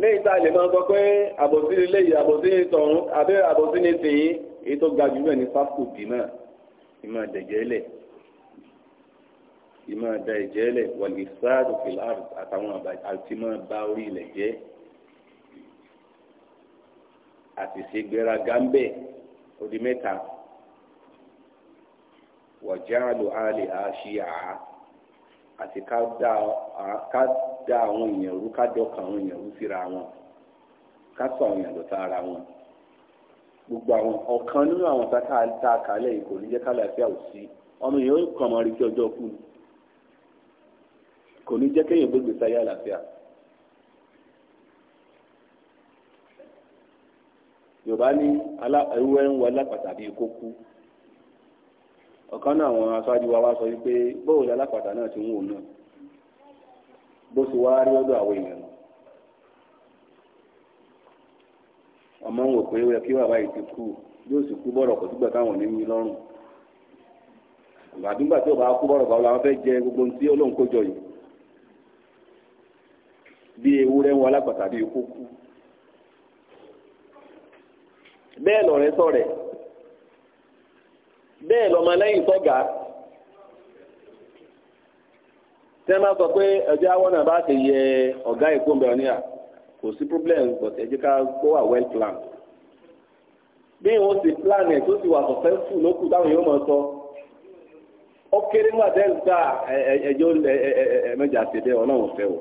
ní ìta lè máa sọ pé àbòsí ilé yìí àbòsí ní tọ̀hún àbí àbòsí ní tìyín èyí tó ga jù ní fásitì bì náà ìmọ̀ ẹ̀dẹ̀jẹ̀ lẹ̀ ìmọ̀ ẹ̀dá ẹ̀jẹ̀ lẹ̀ wọ̀lì sáàdù fìlàrù àtàwọn àti mọ̀ bá orí ilẹ̀ jẹ́ àti ṣe gbéraga ń odi mẹ́ta wọ̀jáàlù àlè àṣìyà á. àti ká dá àwọn èèyàn rú ká dọ́kàn àwọn èèyàn rú síra wọn ká sọ ara wọn gbogbo àwọn ọ̀kan nínú àwọn tá a kálẹ̀ yìí kò ní jẹ́ kálàáfíà ò sí ọmọ èèyàn yóò kàn mọ́ rí kí ọjọ́ kù kò ní jẹ́ kéèyàn gbégbé sáyé àlàáfíà. Yorùbá ní ewu ẹ̀ ń wọ alápàtà bíi kó kú. ọ̀kan náà àwọn aṣáájú wa wá sọ wípé bóòlù alápàtà náà ti ń wò náà bó ti wá rí ọ̀dọ̀ àwọn èèyàn ọmọ ń wò pé ó yẹ kí bàbá yìí ti kú yóò sì kú bọ̀rọ̀ kò sígbà táwọn ò ní mí lọ́rùn àdúgbà tí ò bá kú bọ̀rọ̀ báwo làwọn fẹ́ jẹ gbogbo ohun tí olóhùn kó yìí bí ewúrẹ́ ń wọ alápàtà bí ikú kú bẹ́ẹ̀ lọ̀rẹ́ sọ̀rẹ́ bẹ́ẹ̀ lọ́mọlẹ́yìn tọ́gà tí wọ́n bá sọ pé ẹjọ́ àwọn náà bá ti yẹ ọ̀gá kò sí problem but ká well plan bí wọ́n ti plan ẹ̀ tó ti wà successful lókù táwọn yóò mọ̀ sọ ó kéré nígbà tẹ́ ń ẹjọ́ ẹ̀ẹ́dẹ́gbẹ̀jà ti bẹ́ẹ̀ ọlọ́run fẹ́ o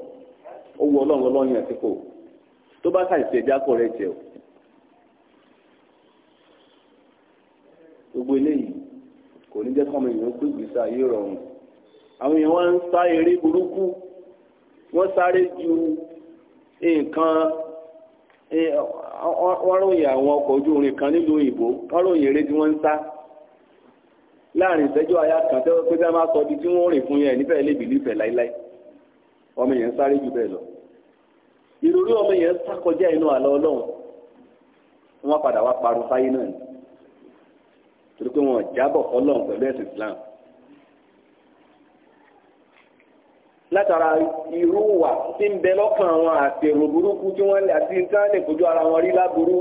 ó ise ọlọ́run ọlọ́run ẹ̀ kò ní jẹ́ kọ́mọ èèyàn pé ìgbésí ayé rọrùn àwọn èèyàn wọ́n ń sá eré burúkú wọ́n sáré ju nǹkan wọ́n ròyìn àwọn ọkọ̀ ojú irin kan nílùú òyìnbó wọ́n ròyìn eré tí wọ́n ń sá láàrin ìṣẹ́jú àyà kan tẹ́wọ́ pé tá a máa sọ di tí wọ́n rìn fún yẹn nífẹ̀ẹ́ lè bìlí ìfẹ́ láíláí ọmọ yẹn ń sáré jù bẹ́ẹ̀ lọ ìrírí ọmọ yẹn ń sá kọjá inú àlọ́ ọlọ́run wọ́n padà wá parun sáyé náà ni torí pé wọn jábọ̀ fọlọ́n pẹ̀lú ẹ̀sìn Islam látara irú wà tí ń bẹ lọ́kàn wọn àti èrò burúkú tí wọ́n àti nǹkan lè kojú ara wọn rí láburú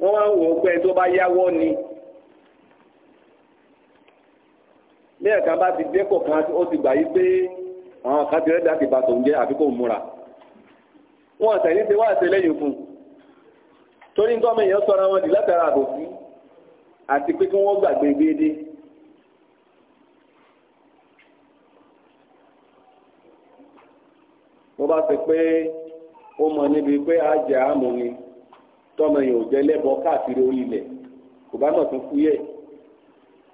wọ́n wá ń wò ó pé tó bá yáwọ́ ni ní ẹ̀ka bá ti dé kọ̀ọ̀kan ó ti gbà yí pé àwọn kan ti rẹ́ tòun jẹ́ àfi múra wọn àtẹ̀yìn ti wá àtẹlẹ́yìn fún un torí nǹkan ọmọ èèyàn sọra wọn dì látara àbòsí àti pé kí wọ́n gbàgbé déédé. mo bá ṣe pé ó mọ níbi pé a jẹ àmú ni tọmọ yẹn ò jẹ lẹbọ káàkiri orí ilẹ̀ kò bá náà tún fúyẹ́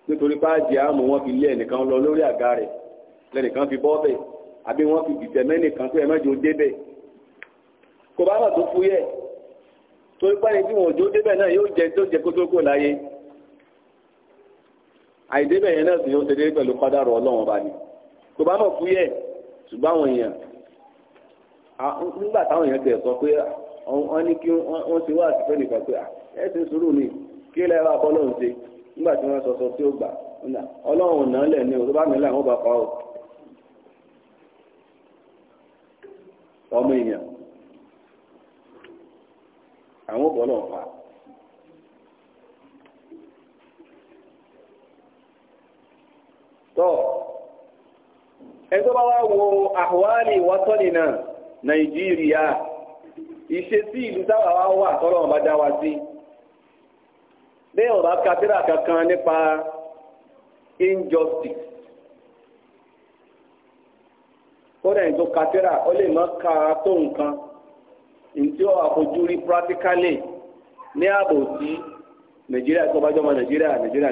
nítorí pé a jẹ àmú wọn fi lé ẹnìkan lọ lórí àga rẹ̀ lẹnìkan fi bọ́ bẹ̀ àbí wọ́n fi dìtẹ̀ mẹ́nìkan pé ẹ̀mẹ́jọ débẹ̀ kò bá náà tún fúyẹ́ torí pé ẹni tí wọn ò jó débẹ̀ náà yóò jẹ tó jẹ kótókó láyé àìdébẹ̀ yẹn náà sì yóò dédé pẹ̀lú kádàrọ̀ ọlọ́run ọba ni tó bá mọ̀ fúyẹ́ ṣùgbọ́n àwọn èèyàn nígbà táwọn èèyàn tẹ̀ sọ pé wọ́n ní kí wọ́n ṣe wá àtìfẹ́ nìkan pé ẹ ti sùúrù ni kí lẹ́ bá bọ́ lọ́run ṣe nígbà tí wọ́n sọ̀sọ̀ tí ó gbà ọlọ́run náà lẹ̀ ní o tó bá bá pa ọ́ ọmọ èèyàn àwọn bọ́ lọ́run pa ẹjọ́ bá wá wo àwárí wọ́tọ́nì náà nàìjíríà ìṣesí ìlú táwa wá wà tọ́lọ́ ọba bá dá wa sí bẹ́ẹ̀ wọn bá ka kankan nípa injustice kódà ìjọ ka tírà ó ka tó nǹkan ntí ó àfojú rí practically ní ààbò sí nàìjíríà tó bá jọmọ nàìjíríà nàìjíríà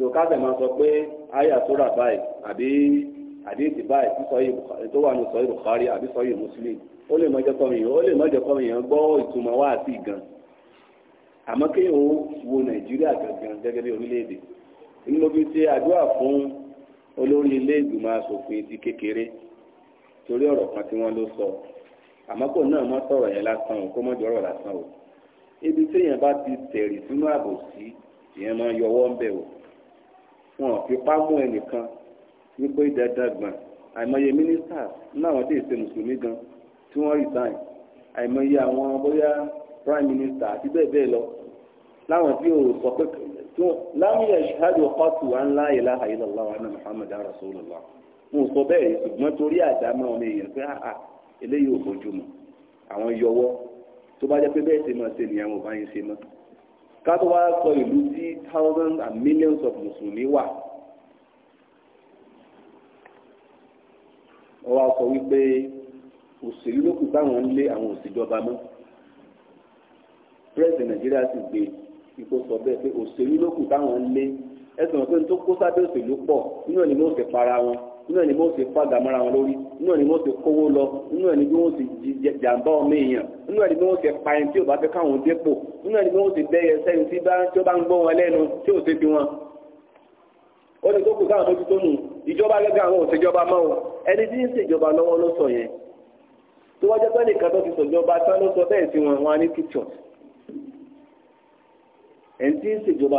tó káfẹ́ máa sọ pé àyà tó rà báyìí àbí àdéhìtì báyìí tí sọyìn tó wà ní sọyìn Bukhari àbí sọyìn Muslim ó lè mọ̀jọ́ kọ́ èèyàn ó lè mọ̀jọ́ kọ́ èèyàn gbọ́ ìtumọ̀ wá àti ìgan àmọ́ kéèyàn ó wo Nàìjíríà gangan gẹ́gẹ́ bí orílẹ̀-èdè nínú bí ṣe àdúrà fún olórí ilé ìgbìmọ̀ asòfin ti kékeré torí ọ̀rọ̀ kan tí wọ́n ló sọ àmọ́ kò náà mọ́ sọ̀rọ̀ yẹn lásán o kó mọ́ jọ̀rọ̀ lásán o ibi téèyàn bá ti tẹ̀rì sínú àbòsí ìyẹn máa yọwọ́ ń bẹ̀ o wọn ò fipá mú ẹnìkan wípé dandan gbọ̀n àìmọye mínísítà náwọn tí ì ṣe mùsùlùmí gan tí wọ́n resign àìmọye àwọn bóyá prime minister àti bẹ́ẹ̀ bẹ́ẹ̀ lọ láwọn tí ò sọ pé tí wọ́n láwọn ìṣáájú ọ̀pọ̀tù wa ńlá ìlà àìlọ́lá wa náà muhammad rasulullah wọn ò sọ bẹ́ẹ̀ ṣùgbọ́n torí àdámọ́ ọmọ èèyàn pé àà ah, ah, eléyìí ò bójú mu àwọn yọwọ́ tó bá jẹ́ pé bẹ́ẹ̀ ṣe máa ṣe nìyàwó báyìí ṣe máa kátó wá sọ ìlú tí thousands and millions of mùsùlùmí wà wọ́n wá sọ wípé òṣèlú ló kù táwọn ń lé àwọn òṣèjọba mọ́ pírẹsì nàìjíríà sì gbé ipò sọ bẹ́ẹ̀ pé òṣèlú ló kù táwọn ń lé ẹ̀sìn wọn pé ní tó kó sábẹ́ òṣèlú pọ̀ nínú ìlú ní òṣèpara wọn inú ẹ̀ ni wọ́n ti fàgà mọ́ra wọn lórí inú ẹ̀ ni wọ́n ti kówó lọ inú ẹ̀ ni bí wọ́n ti jàǹbá ọmọ èèyàn inú ẹ̀ ni bí wọ́n ti pa ẹni tí ò bá fẹ́ káwọn dépò inú ẹ̀ ni bí wọ́n ti bẹ́yẹ sẹ́yìn tí ó bá ń gbọ́ wọn lẹ́nu tí ò ṣe bí wọn. ó ní kókò káwọn tójú tó nù ìjọba gẹ́gẹ́ àwọn òṣèjọba mọ́ o ẹni tí ń ṣèjọba lọ́wọ́ ló sọ yẹn tó wájú pé nìkan tó ti sọ̀jọba tán ló sọ bẹ́ẹ̀ sí wọn wọn á ní picture ẹni tí ń ṣèjọba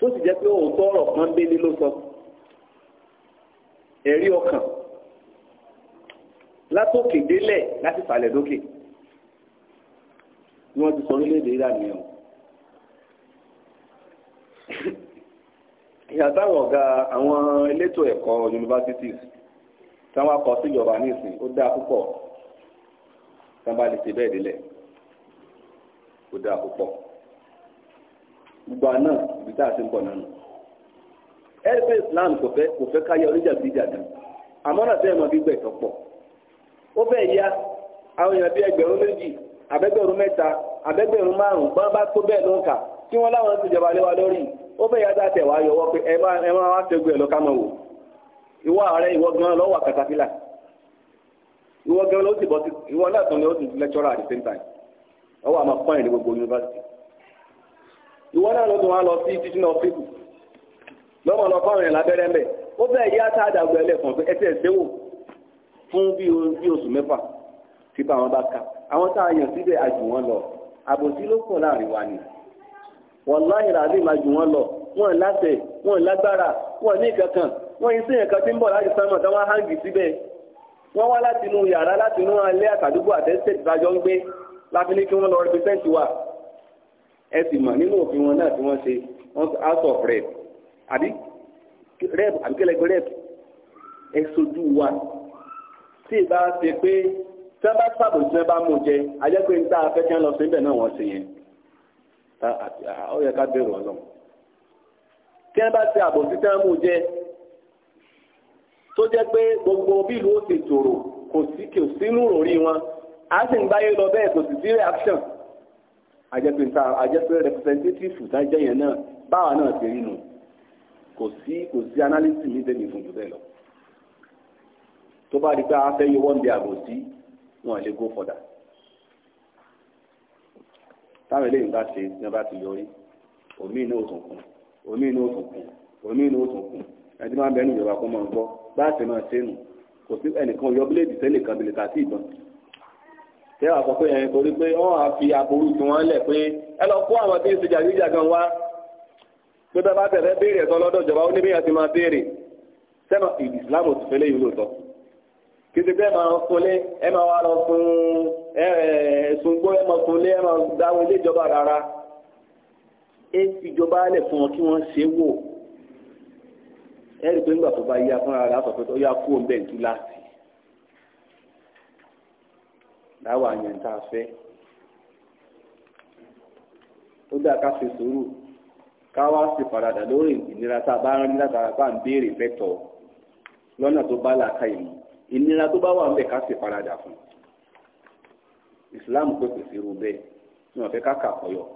jẹ́ pé òun tọrọ kan bẹ́ẹ̀ ló sọ ẹ̀rí ọkàn látòkè délẹ̀ láti fàlẹ̀ lókè ni wọ́n ti sọ orílẹ̀-èdè ìlànà yẹn o. ìyá táwọn ọ̀gá àwọn elétò ẹ̀kọ́ universities táwọn akọ síjọba nísìn ó dáa púpọ̀ táwọn bá lè ṣe bẹ́ẹ̀ délẹ̀ ó dáa púpọ̀ gbogbo àná ibi tá a ti ń bọ̀ náà nù. ẹgbẹ́ islam kò fẹ́ kò fẹ́ káyọ oníjàgídíjàgà àmọ́nà tẹ́ ẹ̀ mọ́ gbígbẹ́ ìtọ́pọ̀ ó fẹ́ ya àwọn èèyàn bíi ẹgbẹ̀rún méjì abẹ́gbẹ̀rún mẹ́ta abẹ́gbẹ̀rún márùn-ún bá bá tó bẹ́ẹ̀ ló ń kà tí wọ́n láwọn ti jọba lórí ó fẹ́ ya dáàtẹ̀ wá yọwọ́ pé ẹ máa ẹ wá fẹ́ gbé ẹ lọ ká katapila ìwọ gan ló ti bọ́ sí ìwọ náà ni lọ́mọ lọ fáwọn èèyàn lábẹ́rẹ́ mbẹ́ ó bẹ́ẹ̀ yá tá a dàgbà ẹlẹ́kàn pé ẹsẹ̀ ìdéwò fún bí oṣù mẹ́fà tí bá wọn bá ka àwọn tá a yàn síbẹ̀ àjù wọn lọ àbòsí ló pọ̀ láàrin wa ni wàláhì ràdí máa jù wọn lọ wọn láṣẹ wọn lágbára wọn ní kankan wọn iṣẹ́ yẹn kan tí ń bọ̀ láti sánmọ̀ tí wọ́n hàngì síbẹ̀ wọ́n wá láti inú yàrá láti inú alẹ́ àtàdúgbò àtẹ́sẹ̀ ìdájọ́ ń gbé láti ní kí wọ́n lọ rẹpẹsẹ̀ntì wa ẹ sì mọ̀ nínú òfin wọn náà tí wọ́n ṣe house of rep àbí rẹ́ẹ̀bù àbí kẹlẹ́gbẹ́ rẹ́ẹ̀bù ẹ sojú wa tí ì bá ṣe pé tí wọ́n bá sábò tí wọ́n bá mú jẹ ajẹ́ pé ń tá a fẹ́ kí wọ́n lọ sí ibẹ̀ náà wọ́n ṣe yẹn ó yẹ ká bẹ̀rù ọ̀nà tí wọ́n bá ṣe àbò tí wọ́n mú jẹ tó jẹ́ pé gbogbo bí ìlú ó ti tòrò kò sí kò sínú òrí wọn a sì ń báyé lọ bẹ́ẹ̀ kò sì sí reaction ajẹ́pẹ́ representative tá jẹ́ yẹn náà báwa náà ti rí nù kò sí kò sí analysis mi tẹ̀lé fún jù bẹ́ẹ̀ lọ tó bá rí pé a fẹ́ yọ wọ́n bí àbòsí wọn lè go fọ̀dà táwọn eléyìí bá ṣe ní ọba ti yọrí omi inú òtún kún omi inú òtún kún omi inú òtún kún ẹni máa ń bẹnu ìjọba kó máa ń gbọ́ bá a ṣe máa ṣe nù kò sí ẹnìkan yọ bíléèdì sẹ́lẹ̀ kan bìlẹ̀ kà sí ìbọn tẹ́ wàá sọ pé ẹ̀yin torí pé wọ́n á fi àpòrú tí wọ́n lẹ̀ pé ẹ lọ kó àwọn tí ń ṣe jàgídíjàgan wá pé bá bá tẹ̀lé béèrè ẹ̀tọ́ lọ́dọ̀ ìjọba ó ní bíyà ti máa béèrè sẹ́nà ìsìlámù ti fẹ́lẹ́ yìí lóòótọ́ kìtì pé ẹ máa fúnlé ẹ máa wá lọ fún ẹ ẹ̀sùngbó ẹ máa fúnlé ẹ máa dáwọn ilé ìjọba rárá ẹ ìjọba alẹ̀ fún wọn kí wọ́n ṣe wò ẹ rí i pé nígbà tó bá yá fúnra rẹ̀ àtọ̀tọ̀ tó yá kú òun bẹ́ẹ̀ tú láti láwọn àyàn tá a fẹ́ ó dá ká fi sùúrù ká wá sí faradà lórí ìnira tá a bá rán nígbà tá a bá ń béèrè fẹ́tọ̀ lọ́nà tó bá làákà ìlú ìnira tó bá wà ń bẹ̀ ká sì faradà fún Islam pèpè sí irú bẹ́ẹ̀ tí wọ́n fẹ́ ká kà kọ́yọ̀.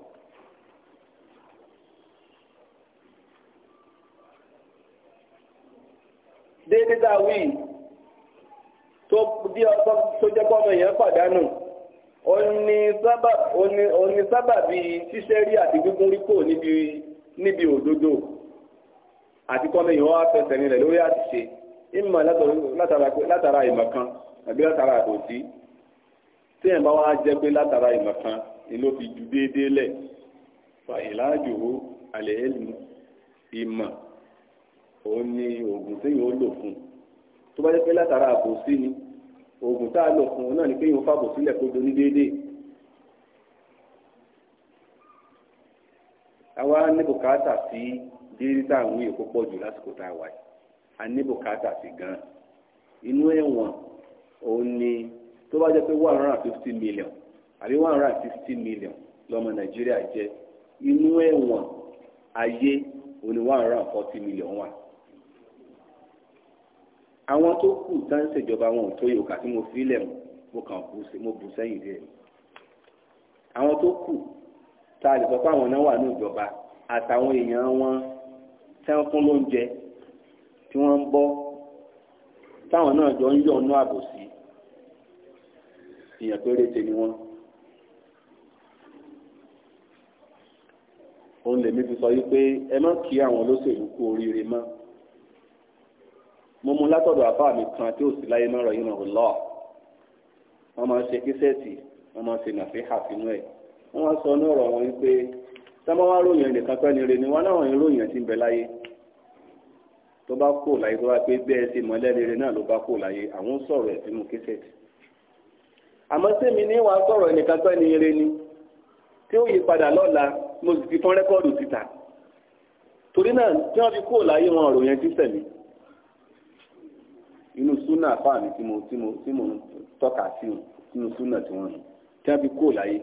déédéé tá a wí tó bí ọtọ tó jẹ́ pọ́nmọ yẹn pàdánù ó ní sábà bí ṣíṣẹ́rí àti gbígbórí kò níbi níbi òdodo àti kọ́ni yìí wọ́n á fẹsẹ̀ nílẹ̀ lórí àṣìṣe ìmọ̀ látara ìmọ̀ kan àbí látara àdòtí tí ẹ̀ bá wá jẹ́ pé látara ìmọ̀ kan ni ló fi ju déédéé lẹ̀ fàyìláàjò alẹ́ ẹ̀lú ìmọ̀ òun ni oògùn tí yóò lò fún tó bá jẹ́ pé látara àbòsí ni oògùn tá a lò fún náà ni pé yóò fàbòsílẹ̀ kó do déédéé Awa ní bùkátà sí déédé tá à ń wúyè púpọ̀ jù lásìkò tá a wà yìí a ní bùkátà sí gan inú ẹ̀wọ̀n òun ni tó bá jẹ́ pé one hundred and fifty million àbí one hundred and sixty million lọ́mọ nàìjíríà jẹ́ inú ẹ̀wọ̀n ayé òun ni one hundred and forty million wà àwọn tó kù tá ń ṣèjọba wọn ò tó yòókà tí mo fi lẹ̀ mọ́ mo kàn bù sẹ́yìn díẹ̀ àwọn tó kù tá a lè sọ pé àwọn náà wà ní ìjọba àtàwọn èèyàn wọn tí wọ́n fún lóúnjẹ tí wọ́n ń bọ́ táwọn náà jọ ń yọ̀nú àbòsí èèyàn péréte ni wọ́n. òun lèmi fi sọ wípé ẹ má kí àwọn olóṣèlú kú oríire mọ́ mo mú látọ̀dọ̀ àbá mi kan tí ò sí láyé mọ́rọ̀ yìí mọ̀ lọ́ọ̀ wọ́n máa ń ṣe kíṣẹ́ẹ̀tì wọ́n máa ń ṣe nàfíhà sínú ẹ̀ wọ́n sọ ní ọ̀rọ̀ wọn wípé sábàwá ròyìn ẹnìkan pẹ́ ni re ni wọ́n láwọn ìròyìn ẹ̀ ti ń láyé tó bá kó láyé tó bá pé bẹ́ẹ̀ ti mọ̀lẹ́ni re náà ló bá kó láyé àwọn sọ̀rọ̀ ẹ̀ sínú késẹ̀tì àmọ́ sẹ́mi ní wàá sọ̀rọ̀ ẹnìkan pẹ́ ni re ni tí ó yí padà lọ́la mo sì ti fọ́n rẹ́kọ́ọ̀dù síta torí náà tí wọ́n fi kó láyé wọn ọ̀rọ̀ yẹn ti mí. inú súnà fáàmì tí mo tí tọ́ka sí inú súnà tí wọ́n tí wọ́n fi kó láyé.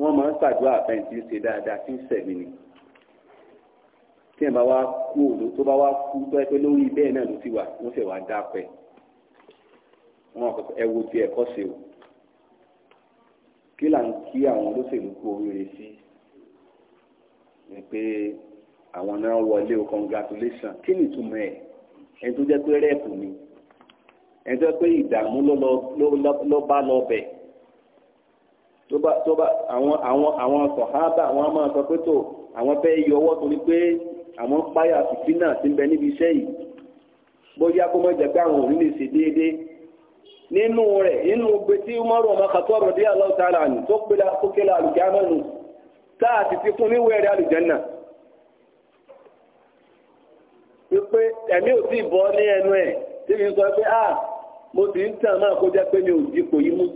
wọ́n máa ń ṣàdúrà àfẹ́ǹtì ń ṣe dáadáa tí ń sẹ̀mí ni tí ẹ̀ bá wá kú òdo tó bá wá kú tó ẹ pé lórí bẹ́ẹ̀ náà ló ti wà wọ́n fẹ́ wá dápẹ́ wọn ẹ wo ti ẹ̀kọ́ ṣe o kí là ń kí àwọn olóṣèlú kú oríire sí ni pé àwọn náà wọlé o congratulation kí ni ìtumọ̀ ẹ̀ ẹni tó jẹ́ pé rẹ́ẹ̀pù ni ẹni tó jẹ́ pé ìdààmú ló bá lọ bẹ̀ẹ́ tó bá tó bá àwọn àwọn àwọn sọ̀hábà àwọn máa sọ pé tó àwọn fẹ́ yọ ọwọ́ torí pé àwọn páyà fìtínà ti ń bẹ níbi iṣẹ́ yìí bóyá kó mọ̀ jẹ́ pé àwọn òní lè ṣe déédéé nínú rẹ̀ nínú gbé tí umaru ọmọ kàtó ọ̀rọ̀ dí Allah ta'ala nù tó pèlà kókèlà àlùjáná nù táà ti ti fún níwèé rẹ̀ àlùjáná wípé ẹ̀mí ò tí bọ́ ní ẹnu ẹ̀ tí mi sọ pé ah mo ti ń tàn máa kó jẹ́ pé mi ò dípò yìí mú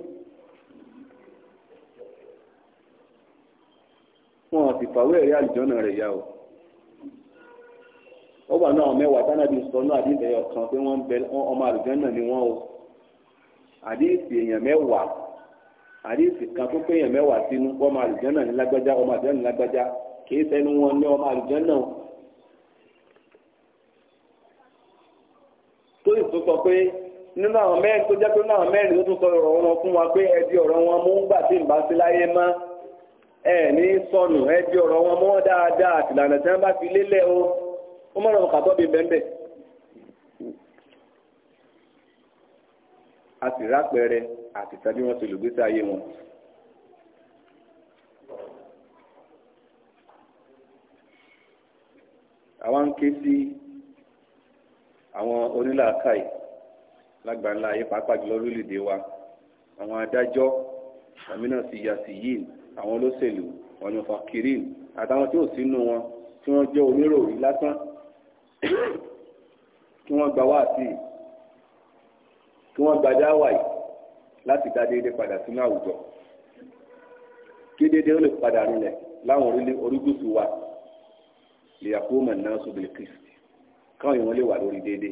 wọn ò sì fàwé ẹ̀rí àlùjọ́nà rẹ̀ yá o ó wà náà mẹ́wàá tánàbí sọ náà àdìsí pé wọ́n ń bẹ ọmọ àlùjọ́nà ni wọ́n o àdìsí èèyàn mẹ́wàá àdìsí kan tó pé èèyàn mẹ́wàá sínú ọmọ àlùjọ́nà ní lágbájá ọmọ àlùjọ́nà ní lágbájá kìí sẹ́nu wọn ní ọmọ àlùjọ́nà o tó sì tún sọ pé nínú àwọn mẹ́rin tó jẹ́ pé nínú àwọn mẹ́rin tó tún sọ ọ̀rọ̀ wọn fún wa pé ẹbí e n'i sọnù ẹ ọrọ ọ̀rọ̀ wọn mọ́ dáadáa ìlànà tí wọ́n bá fi lélẹ̀ o ó mọ̀ lọ́wọ́ kàtọ́ bíi a sì rápẹrẹ àti tàbí wọn ti lògbèsè ayé wọn. àwa ń ké sí àwọn onílàákàyè lágbàńlá ayé pàápàá jùlọ èdè wa àwọn adájọ́ àmì náà sì yà sí yìí. àwọn olóṣèlú ọ̀yàn fakirin àtàwọn tí ò sínú wọn tí wọ́n jẹ́ oníròyìn lásán kí wọ́n gba wáàsí kí wọ́n gba dáwà yìí láti dá déédé padà sínú àwùjọ kí déédé ó lè padà rinlẹ̀ láwọn orígùsù wa lè àpò mọ̀ náà sóbìlì kristi káwọn èèyàn lè wà lórí déédé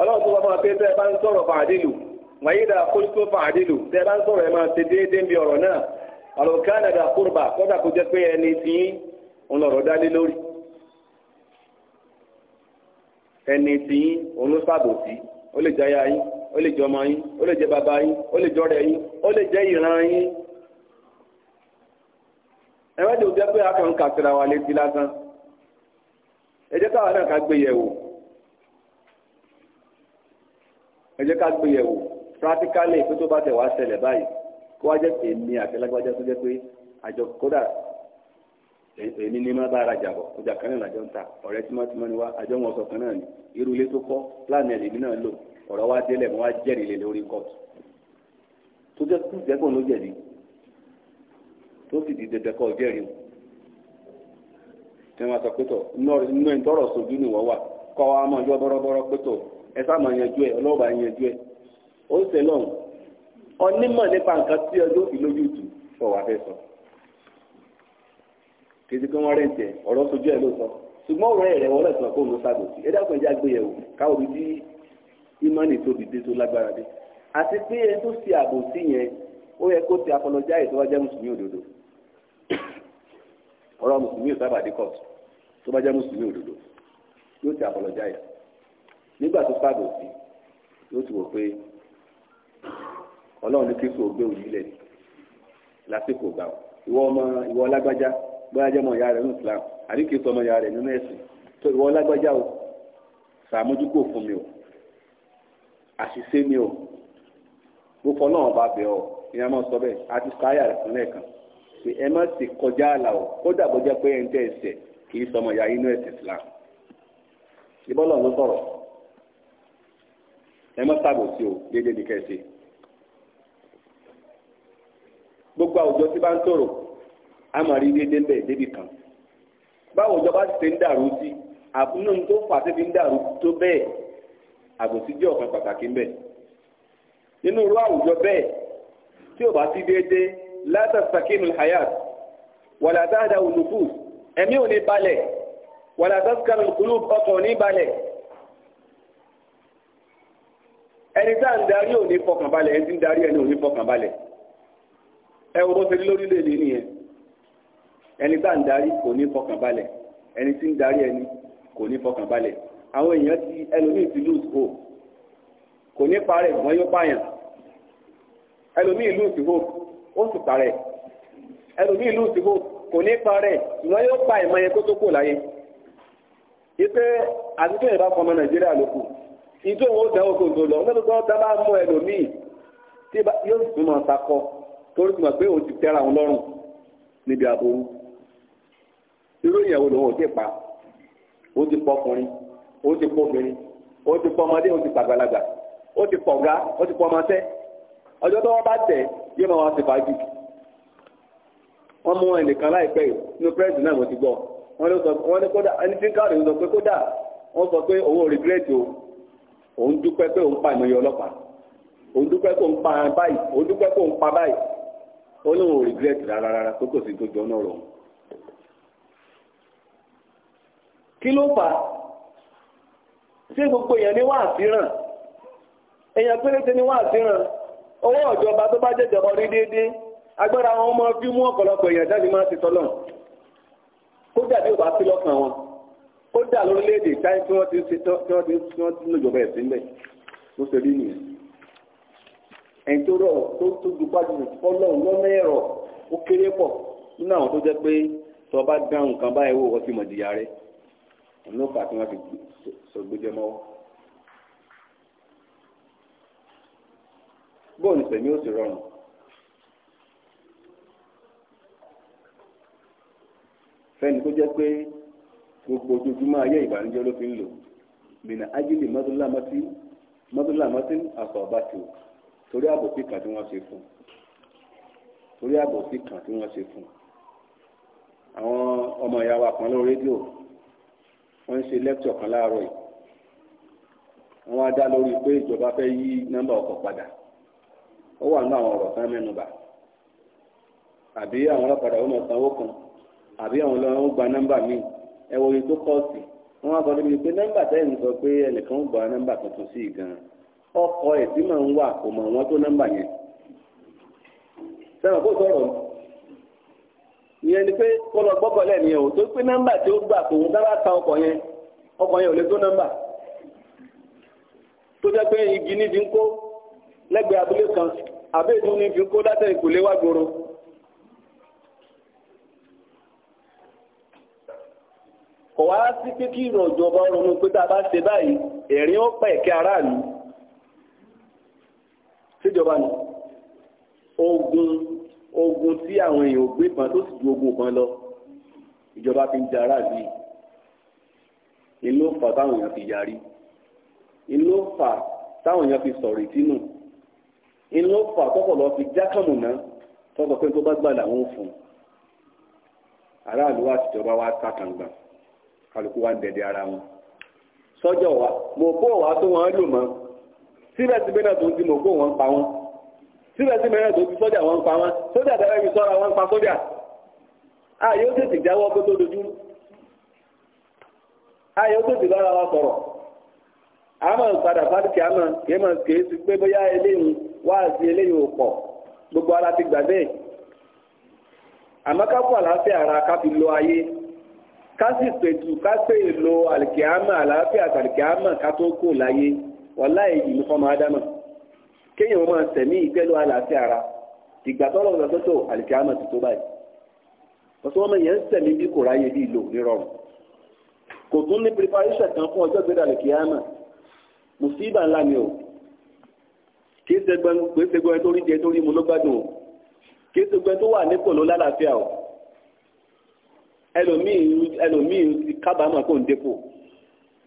ọlọ́run tó bá máa pé bẹ́ẹ̀ bá ń sọ̀rọ̀ fàdílù wàyí dà kóṣtó fún àdìlù tẹ́ bá ń sọ̀rọ̀ ẹ̀ máa ṣe déédéé bí ọ̀rọ̀ náà ọ̀rọ̀ kánàdà kúrbà kọ́dà kó jẹ́ pé ẹni tí ń lọ̀rọ̀ dálé lórí ẹni tí ń lọ́sàbòsí ó lè jáyà yín ó lè jẹ ọmọ yín ó lè jẹ bàbá yín ó lè jọrẹ yín ó lè jẹ ìran yín ẹ wá jẹ́ òjẹ́ pé a kàn ń kà síra létí lásán ẹ jẹ́ káwa náà ká gbé yẹ̀wò ẹ jẹ́ ká gbé yẹ̀wò. practically pé tó bá tẹ̀ wá ṣẹlẹ̀ báyìí kó wá jẹ́ èmi àti tó jẹ́ pé àjọ kódà èmi ní má bá ara jà bọ̀ ọjà kan náà làjọ ń ta ọ̀rẹ́ tímọ́tímọ́ ni wá àjọ wọn sọ kan náà ni irú ilé tó kọ́ ẹ̀ lèmi náà lò ọ̀rọ̀ wá délẹ̀ mọ́ wá jẹ́rìí lórí tó jẹ́ kú ló tó sì di ó ń sẹ náà onímọ̀ nípa nǹkan tí ọjọ́ òfin lójú tù sọ wà fẹ́ sọ kìtì kí wọ́n rẹ̀ ń sọ ṣùgbọ́n ọ̀rẹ́ rẹ̀ wọ́n lọ́sọ̀ kó ló ṣàbòsí ẹ dákun ẹja gbé káwọn ibi tí ìmọ̀nì tó dìde tó lágbára dé àti pé ẹni tó ṣe yẹn ó yẹ kó ti mùsùlùmí òdodo ọ̀rọ̀ mùsùlùmí ò sábà tó bá jẹ́ mùsùlùmí òdodo yóò ti nígbà tó ọlọ́run ní kristu ògbé òyìn lẹ̀ lásìkò gbà ìwọ ọmọ ìwọ ọlágbájá bóyá jẹ́ ọmọ ìyá rẹ̀ ní islam àbí kìí sọ ọmọ ìyá rẹ̀ nínú ẹ̀sìn tó ìwọ ọlágbájá o sàmójúkò fún mi o àṣìṣe mi o mo fọ náà bá bẹ̀ ọ́ ìyá máa sọ bẹ́ẹ̀ àti sáyà rẹ̀ fún lẹ́ẹ̀kan pé ẹ má sì kọjá àlà o kódà bó jẹ́ pé ẹ̀ ń tẹ́ ẹsẹ̀ sọ ọmọ ìyá inú ẹ̀sìn islam ìbọ́lọ̀ ló sọ̀rọ̀ ẹ má ṣàbòsí o déédéé ní kẹ́sì gbogbo àwùjọ tí bá ń tòrò a máa rí déédéé bẹ́ẹ̀ débi kan báwo ìjọba ti ṣe ń dàrú sí àbúrò tó fà síbi ń dàrú tó bẹ́ẹ̀ àbòsí jẹ́ ọ̀kan pàtàkì ńbẹ̀ nínú irú àwùjọ bẹ́ẹ̀ tí ò bá sí déédéé látàsàkínú hayat wàlàdáàdà olùkú ẹ̀mí ò ní balẹ̀ wàlàdáàkàrà olùkúlù ọkàn ò ní balẹ̀ ẹni tá à ń darí ò ní fọkàn balẹ̀ ẹni tí ń darí ẹni ò ní fọkàn balẹ̀. Ewu wo bó ṣe rí lórílẹ̀-èdè nìyẹn ẹni tá à ń darí kò ní fọkànbalẹ̀ ẹni tí ń darí ẹni kò ní fọkànbalẹ̀ àwọn èèyàn ti ẹlòmíì ti lose hope kò ní parẹ́ wọ́n yóò pààyàn ẹlòmíì lose hope ó sì parẹ́ ẹlòmíì lose hope kò ní wọ́n yóò pa ìmọ̀ yẹn kó tó kò ipe àtúntò ìbá fọmọ nàìjíríà ló kù ó tó lọ tó dábàá mú ẹlòmíì tí yóò sì túmọ̀ torí pé ti tẹ́ra òun lọ́rùn níbi àbòrú irú ìyàwó lòun ò pa ó ti pọ ọkùnrin ó ti pọ obìnrin ó ti pọ ọmọdé ó ti pàgbàlagbà ó ti pọ ti pọ tó bá yóò máa wá sí fàájì o òun dúpẹ́ pé òun pa ọlọ́pàá òun dúpẹ́ pé ó lóun ò regret rárá rárá pé kò sí tó jọ náà rọrùn kí ló fà ṣé gbogbo èèyàn ní wàá síràn èèyàn péréte ní wà síràn owó ọ̀jọba tó bá jẹ́jọba rí déédéé agbára àwọn ọmọ bí ọ̀pọ̀lọpọ̀ èèyàn jáde máa ti kó dàbí ò bá sí wọn dà táyé tí wọ́n ti ń ṣe tí ti ẹni tó rọ̀ tó tó dùgbàdù fọlọ́run lọ́nà ẹ̀rọ ó kéré pọ̀ nínú àwọn tó jẹ́ pé tó bá dá nǹkan báyìí wò ó ti mọ̀ jìyà rẹ̀ òun ló fà á tí wọ́n fi sọgbójẹ́ mọ́wọ́. bóòlù sẹ̀mí ó sì rọrùn. fẹ́ni tó jẹ́ pé gbogbo ojoojúmọ́ ayé ìbànújẹ́ ló fi ń lò bìnnà ájílì mọ́tòlámọ́tì mọ́tòlámọ́tì torí àbòsí kan tí wọ́n ṣe fún àwọn ọmọ ìyá wa kan lórí rédíò wọ́n ń ṣe kan láàárọ̀ yìí wọ́n á lórí pé ìjọba fẹ́ yí nọ́mbà ọkọ̀ padà ó wà nínú àwọn ọ̀rọ̀ kan mẹ́nuba àbí àwọn ọlọ́padà ó mọ̀ kan àbí àwọn ọlọ́run gba nọ́mbà míì ẹ wo wọ́n á sọ pé nọ́mbà tẹ́yìn sọ pé ẹnìkan Ọkọ ẹ̀ tí màá ń wà kò mọ̀ wọ́n tó nọ́mbà yẹn sẹ́wọ̀n kó sọ̀rọ̀ ìyẹn ni pé kó lọ gbọ́kọ̀ lẹ́nìyẹn o tó pé nọ́mbà tí ó gbà kò ń ta ọkọ̀ yẹn ọkọ̀ yẹn ò lè tó nọ́mbà tó jẹ́ igi ní fi ń kó kan àbẹ́ẹ̀dún ní fi ń kó látẹ̀ wá gbòòrò. kò wá sí pé kí ìrọ̀jọba pé tá a bá ṣe báyìí ẹ̀rín ìjọba ni ogun ogun tí àwọn èèyàn ò gbé kan tó sì ju ogun kan lọ ìjọba fi ń jara bí inú fà táwọn èèyàn fi yarí inú fà táwọn èèyàn fi sọ̀rọ̀ ìtínú inú fà tọ́kọ̀ lọ fi jákàmù náà tọ́kọ̀ pé tó bá gbà làwọn ò fún un aráàlú wa àtijọba wa takàngbà kálukú wa ń dẹ̀dẹ̀ ara wọn sọ́jọ́ wa mo bó wa tó wọn lò mọ́ síbẹ̀síbẹ̀ náà tó ń ti mọ̀ kó wọn pa wọn síbẹ̀síbẹ̀ náà tó ń ti sọ́jà wọn pa wọn sọ́jà dára ibi sọ́ra wọn pa sọ́jà ààyè ó tètè jáwọ́ kó tó dojú ààyè ó tètè bára wa sọ̀rọ̀ àmọ́ ìpadà fáríkì àmọ́ yẹn mọ̀ kì í ti pé bóyá eléyìí wá sí eléyìí ò pọ̀ gbogbo ara ti gbà bẹ́ẹ̀ àmọ́ ká fún àlàáfíà ara ká fi lo ayé ká sì pètù ká pè lo àlìkíámà àlàáfíà àtàlìkíámà ká tó kò láyé wàláì ìlú fọmọ ádámà kéèyàn máa tẹ̀mí ìgbẹ́lú àlàáfíà ara ìgbà tọ́lọ̀ ń lọ tó àlìkàmà ti tó báyìí ọ̀sán ọmọ yẹn ń tẹ̀mí bí kò ráyè bí ìlò nírọ̀rùn kò tún ní preparation kan fún ọjọ́ gbéra àlìkàmà mùsíbà ńlá ni o kì í ṣe gbẹ́ngbẹ́ tó rí jẹ tó rí ló gbádùn o kì ṣe gbẹ́ tó wà nípò ló lálàáfíà o ẹlòmíì ẹlòmíì kábàámà kò ń dépò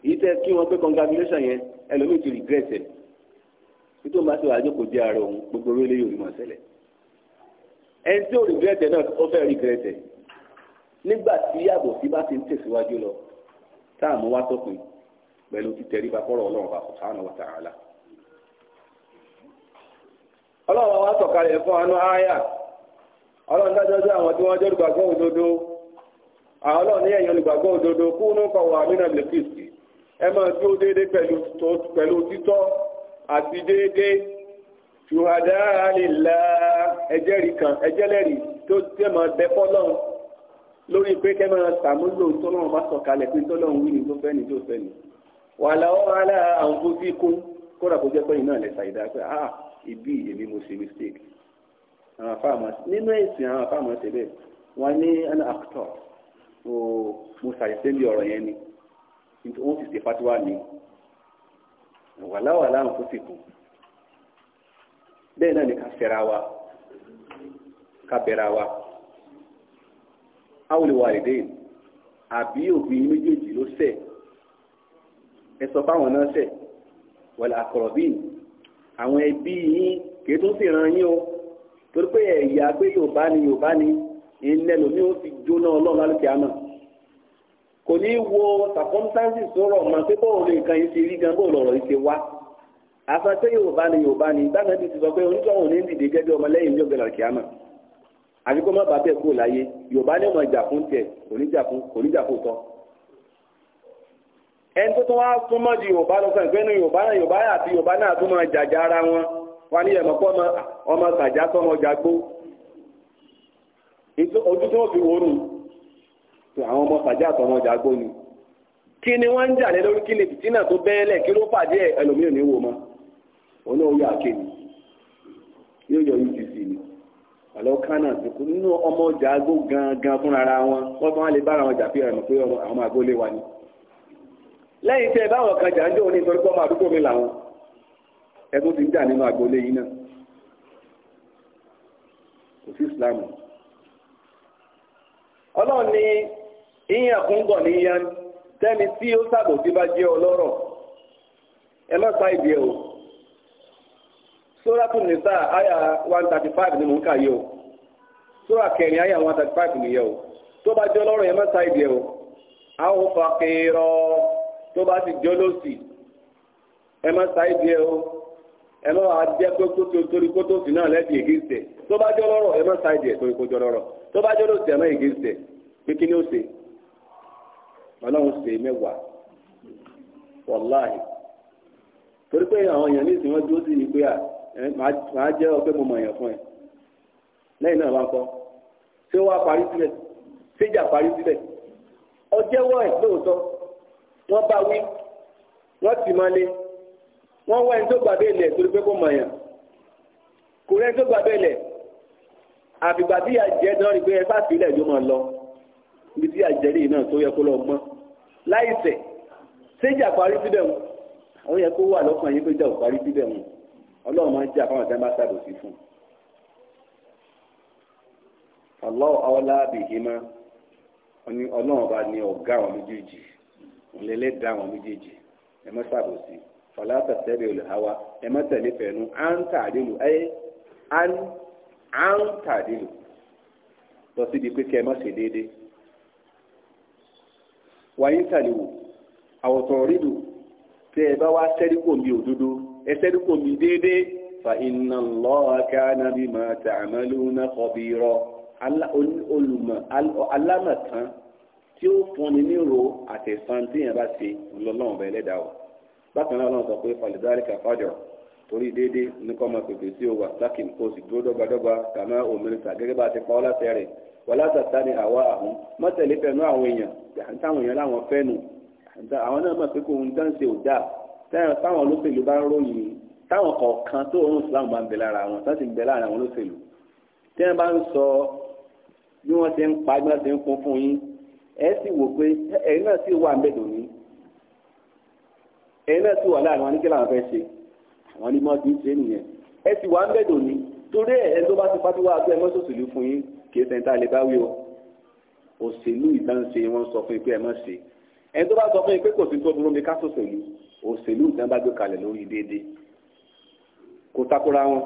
èyí tẹ́ kí wọ́n pé congratulation yẹn ẹlòmíì ti regret ẹ̀ nítorí máa ti wà ájókòó di òun gbogbo orílẹ̀ yóò rí mọ̀ ẹni tí ó regret náà ó fẹ́ regret nígbà tí yàgò sí bá ti ń tẹ̀síwájú lọ táàmù wá sópin pẹ̀lú títẹríba fọ́rọ̀ ọlọ́run bá subhanahu wa ọlọ́run wa sọ̀kalẹ̀ fún anú áyà ọlọ́run dájọ́ sí àwọn tí wọ́n jẹ́ olùgbàgbọ́ òdodo àwọn ọlọ́run ẹ máa dúró déédéé pẹ̀lú títọ́ àti déédéé ṣùhàdá àlèlà ẹjẹ́rìí kan ẹjẹ́lẹ́rìí tó jẹ́ máa bẹ fọ́lọ́run lórí pé kẹ́ máa sàmúlò tọ́lọ́run bá sọ̀kalẹ̀ pé tọ́lọ́run wí ni tó fẹ́ ni tó fẹ́ ni wà láwọn ará àwọn tó fi kún kódà kó jẹ́ pẹ́yìn náà lẹ́sà ìdá pé ah ibi èmi mo ṣe mistake àwọn afáàmà nínú ẹ̀sìn àwọn afáàmà ṣe bẹ́ẹ̀ wọ́n ní an actor mo ṣàìṣe bí ọ̀rọ̀ yẹn ni wọ́n sì ṣe fatiwa ni wàláwàlá nǹkan sì kù bẹ́ẹ̀ náà ni ká fẹ́ra wa ká bẹ̀ra wa awolè wa rèé déyìn àbí òbí méjèèjì ló ṣẹ̀ ẹ sọ fáwọn náà ṣẹ̀ wàlẹ àkọrọbí àwọn ẹbí yín kì í tún sì ràn yín o torí pé ẹ̀yà pé Yorùbá ni Yorùbá ni ìnẹlòmí ó fi jóná Ọlọ́run lálùkẹ́ àmọ́. kò ní wo circumstances tó rọ̀ pé bóun lè kan yìí ti rí gan bóun lọ̀rọ̀ yìí ti wá yorùbá ni yorùbá ni gbàgbọ́n ti sọ pé onítọ̀hún ní dìde gẹ́gẹ́ ọmọlẹ́yìn ní ọ̀gbẹ̀rẹ̀ kíámà àbí kó má bàa bẹ́ẹ̀ kó láyé yorùbá ní ọmọ ìjà fún tiẹ̀ kò ní jà fún kò ní tún wá yorùbá lọ àwọn ọmọ fàjá àtọmọ jàgbó ni kí ni wọ́n ń jà ní lórí kí tó bẹ́ẹ̀lẹ̀ kí ló fàdé ẹlòmíràn ní wò mọ́ òun náà yọ yóò yọ UTC ni àlọ́ kánà dùkú nínú ọmọ ọjà gangan fúnra wọn wọ́n fún lè bára wọn jà fi pé àwọn lẹ́yìn tẹ́ báwọn kan jà ń àdúgbò mi làwọn ti ń nínú yìí náà kò ọlọ́run ni ìyẹn àkúńgọ̀ níyan tẹ́ni tí ó bá jẹ́ ọlọ́rọ̀ o sóràtún nìta àyà one thirty five ni mò ń kà o sóra kẹrin àyà one thirty five o tó bá jẹ́ ọlọ́rọ̀ ẹ má ìdí ẹ o àwọn tó bá ti o. ẹ má wàá kó tó torí kó tó sì náà lẹ́sìn ègéńsì tó bá jọ lọ́rọ̀ ẹ má ṣáìdì ẹ̀ torí kó jọ lọ́rọ̀ tó bá jọ lọ́sì ẹ má ègéńsì pé kí ni ó ṣe ọlọ́run ṣe mẹ́wàá wàláhì torí pé àwọn èèyàn ní ìsìn ọ èèyàn fún ẹ lẹ́yìn wọ́n wá ẹni tó gbà bẹ́ẹ̀ lẹ̀ torí pé kó mọ̀ yàn kò rẹ́ni tó gbà bẹ́ẹ̀ lẹ̀ àbìgbà tí àjẹ́ náà rí pé ẹ fàtí ilẹ̀ yóò máa lọ ibi tí àjẹ́ rí náà tó yẹ kó lọ gbọ́n láìsẹ̀ séjà parí síbẹ̀ wọn àwọn yẹ kó wà lọ́kàn yín pé jà ò parí síbẹ̀ wọn ọlọ́run máa ń jà fáwọn àtẹ́mbá sàbòsí fún un. Allahu awla bihima ọlọ́run ọba ni ọ̀gá àwọn méjèèjì òun lè lè dá àwọn méjèèjì ẹ mọ́ sàbòsí falata tẹ̀lé olùhàwà ẹ má tẹ̀lé fẹ̀nu à ń tàdílù ẹ à ń tàdílù lọ síbi pé kẹ́ ẹ má ṣe déédéé wàyí tàlẹ̀ wò àwọ̀tọ̀ rídù tẹ́ ẹ bá wá sẹ́ríkò mi òdodo ẹ sẹ́ríkò mi déédéé fa inna Allaha kana bima ta'maluna khabira olùmọ̀ alámọ̀tán tí ó fúnni ní ro àtẹ̀sán tí yẹn bá ṣe ńlọ́lọ́run bẹ́ẹ̀ lẹ́dàá wọ̀ bákan náà lọ́nà sọ pé falidalika fàjọ torí déédéé ní kọ́ máa pèpè sí òwà lákìn kó o sì dúró dọ́gbadọ́gba kàmá òmìnira gẹ́gẹ́ bá a ti pa ọ́ láti rẹ̀ wọlá tàtà ni àwa àhún mọ́tẹ̀lé fẹ́nu àwọn èèyàn táwọn èèyàn láwọn fẹ́nu àwọn náà mọ̀ pé kò ń dáǹsẹ̀ ò dáa táwọn olóṣèlú bá ń ròyìn táwọn kọ̀ọ̀kan tó oorun Islam bá ń bẹ lára wọn tó ti ń bẹ lára àwọn olóṣèlú tí wọ́n bá ń sọ bí wọ́n ti ń pa bí wọ́n ti ń kún fún yín ẹ sì wò pé ẹ̀yin náà sì wà ń bẹ̀ lónìí ẹ̀yin náà sì wà láàrin wọn ní kí làwọn fẹ́ ṣe àwọn ni mọ́tò ń ṣe nìyẹn ẹ sì wà ń bẹ̀dọ̀ ni torí ẹ̀ tó bá ti fájú wá pé ẹ mọ́sòsìlú fún yín kì í sẹ́ńtà lè bá wí o òṣèlú ìdánṣe wọn sọ fún yín pé ẹ mọ́ ṣe ẹ tó bá sọ fún yín pé kò sí tó dúró mi ká sòṣèlú òṣèlú ìdán bá gbé kalẹ̀ lórí déédéé kò takora wọn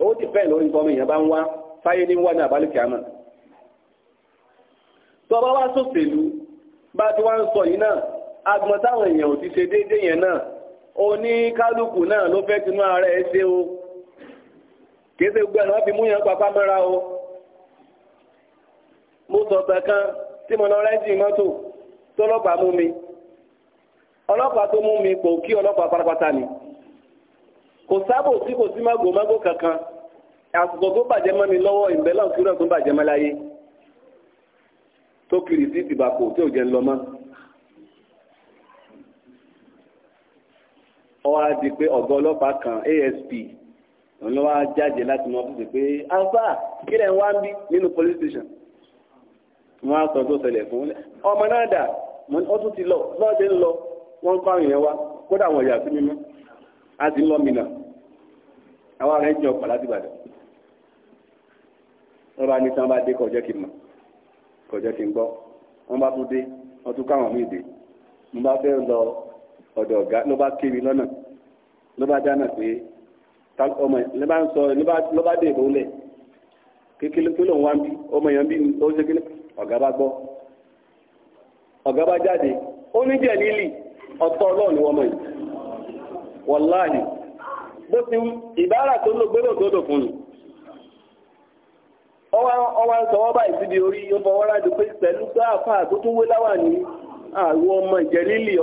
ó ti fẹ́ lórí nǹkan èèyàn bá ń wá fáyé ní wá ní àbálùkì àmọ́ tọ́ba náà agbọn táwọn èèyàn ò ti ṣe déédéé yẹn náà oníkálukú náà ló fẹ́ tinú ara ẹ ṣe o kìí ṣe gbogbo ẹ̀ náà fi mú yẹn papá mọ́ra o mo sọ̀tàn kan tí mo lọ rẹ́ǹtì mọ́tò tọ́lọ́pàá mú mi ọlọ́pàá tó mú mi kò kí ọlọ́pàá pátápátá ni kò sábò tí kò sí mágò mágò kankan àsìkò tó bàjẹ́ mọ́ mi lọ́wọ́ ìbẹ́lẹ̀ òkúrò tó bàjẹ́ mọ́ láyé tó kiri sí ìdìbàkọ̀ tí ò jẹ́ ń lọ mọ́. ó wá di pé ọ̀gá ọlọ́pàá kan ASP òun ló wá jáde láti mọ ọ́fíìsì pé alfa kí lẹ̀ ń wá ń bí nínú police station wọ́n á sọ tó ṣẹlẹ̀ fún ọmọ náà dà wọ́n tún ti lọ lọ́ọ̀dẹ́ ń lọ wọ́n ń kọ́ àwọn èèyàn wá kódà àwọn ìyá sí mímọ́ a sì ń lọ mìíràn àwọn ará ń jẹ láti Ìbàdàn wọ́n bá ní tí bá dé kọjá kí n mọ̀ kọjá kí n gbọ́ wọ́n bá tún dé wọ́n tún káwọn míì dé mo bá fẹ́ lọ ọ̀dọ̀ ọ̀gá ló bá kéwì lọ́nà ló bá dáná pé ọmọ ló bá ń sọ ló bá ọmọ ya bí ó ṣe kékeré ọ̀gá bá gbọ́ ọ̀gá bá jáde ó ní jẹ̀ nílì ọ̀tọ̀ ọlọ́ọ̀ni wọ́n mọ̀ yìí bó ti ìbára tó ló tó ń báyìí síbi orí yóò fọwọ́ pé pẹ̀lú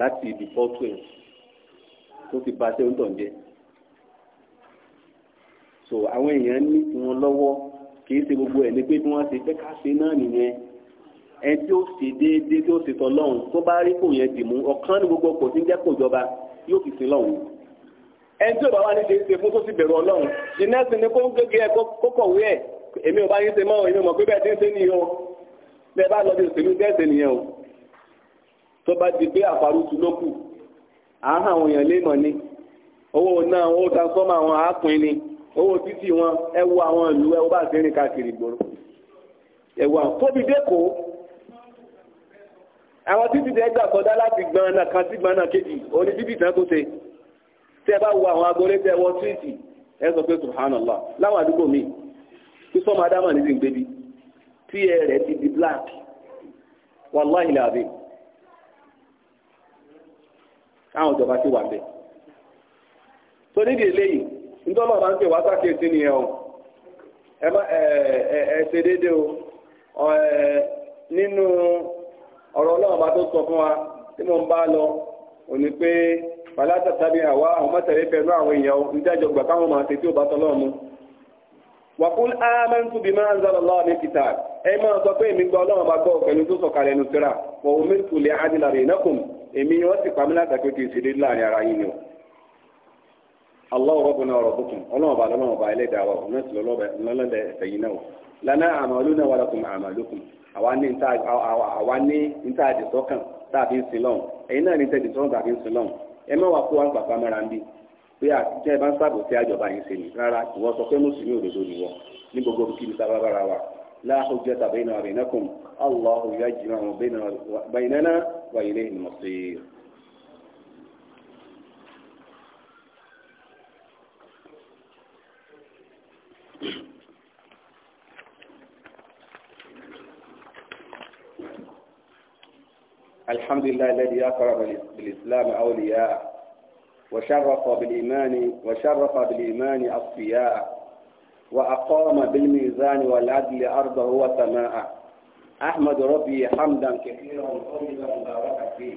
láti ibi pọ́tù ẹ̀ tó fi ba sẹ́wọ́n tàn jẹ́ so àwọn èèyàn ní tiwọn lọ́wọ́ kì í ṣe gbogbo ẹ̀ ní pé bí wọ́n ṣe fẹ́ ká ṣe náà nìyẹn ẹni tí ó ṣe déédéé tí ó ṣe tọ́ lọ́hùn tó bá rí kò yẹn dì mú ọ̀kan ní gbogbo ọkọ̀ tí ń jẹ́ kò jọba yóò fi sin lọ́hùn ẹni tí ò bá wà ní ṣe ṣe fún tó ti bẹ̀rù ọlọ́hùn the next ni kó ń gégé ẹ kó kọ̀wé ẹ èmi ò bá yín ṣe mọ́ èmi mọ̀ pé bẹ́ẹ̀ ti ń ṣe nìyẹn o bẹ́ẹ̀ bá lọ bí òṣèlú tẹ́ẹ̀ṣẹ̀ nìyẹn o tó bá di pé àparùtù ló kù àáhàn àwọn èèyàn lè mọ̀ ni owó náà owó transform àwọn àápín ni owó títì wọn ẹ wo àwọn ìlú ẹ wo bá ti rìn káàkiri ìgboro ẹ wo àwọn tóbi dẹ́kọ̀ọ́ àwọn títì tẹ gbà kọjá láti gbọn náà kan sí gbọn náà kejì òní títì tán tó ṣe tẹ bá wo àwọn agolé tẹ wọ tíìtì ẹ sọ pé subhanallah láwọn àdúgbò mi tí sọmọ adámọ̀ ní ti ń gbébi tí ẹ rẹ̀ ti di black wàláhìlà àbí táwọn ìjọba ti wà bẹ̀. tó níbi eléyìí nítorí ọ̀rọ̀ ń pè wá sákèsí nìyẹn o ẹ má ẹ o ẹ nínú ọ̀rọ̀ ọlọ́run tó sọ fún wa tí mo ń bá lọ òní pé pàlátà tàbí àwa àwọn mọ́tẹ̀lẹ́ pẹ̀lú àwọn èèyàn níjàjọ gbà káwọn máa ṣe tí ò bá tọ́ máa ń lọ́wọ́ ní kìtà ẹ máa sọ èmi ni wọ́n pa mí látàgbé kí ara yín ni o Allahu rabbuna wa rabbukum ọlọ́wọ́ba lọ́wọ́ba ẹlẹ́dàá wa ọ̀nà sì lọ́lọ́dẹ ẹ̀yìn náà lana a'maluna na o a'malukum àwa ní níta àdìsọ́kàn tàbí sílọ̀n ẹ̀yin náà ní tẹ̀dìsọ́kàn tàbí sílọ̀n ẹ má wá kó wa ń pàpà mọ́ra ń bí pé àtijọ́ ẹ bá ń sábò àjọba yìí sọ pé mùsùlùmí òdodo ní gbogbo sábà bára wa وإليه المصير الحمد لله الذي أكرم بالإسلام أولياء وشرف بالإيمان وشرف بالإيمان أصفياء وأقام بالميزان والعدل أرضه وسماءه أحمد ربي حمدا كثيرا طيبا مباركا فيه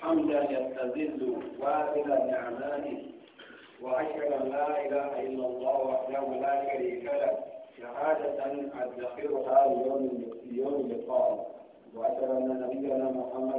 حمدا يستذل وافدا نعمانه وأشهد أن لا إله إلا الله وحده لا شريك له شهادة أدخرها ليوم يوم اللقاء وأشهد أن نبينا محمد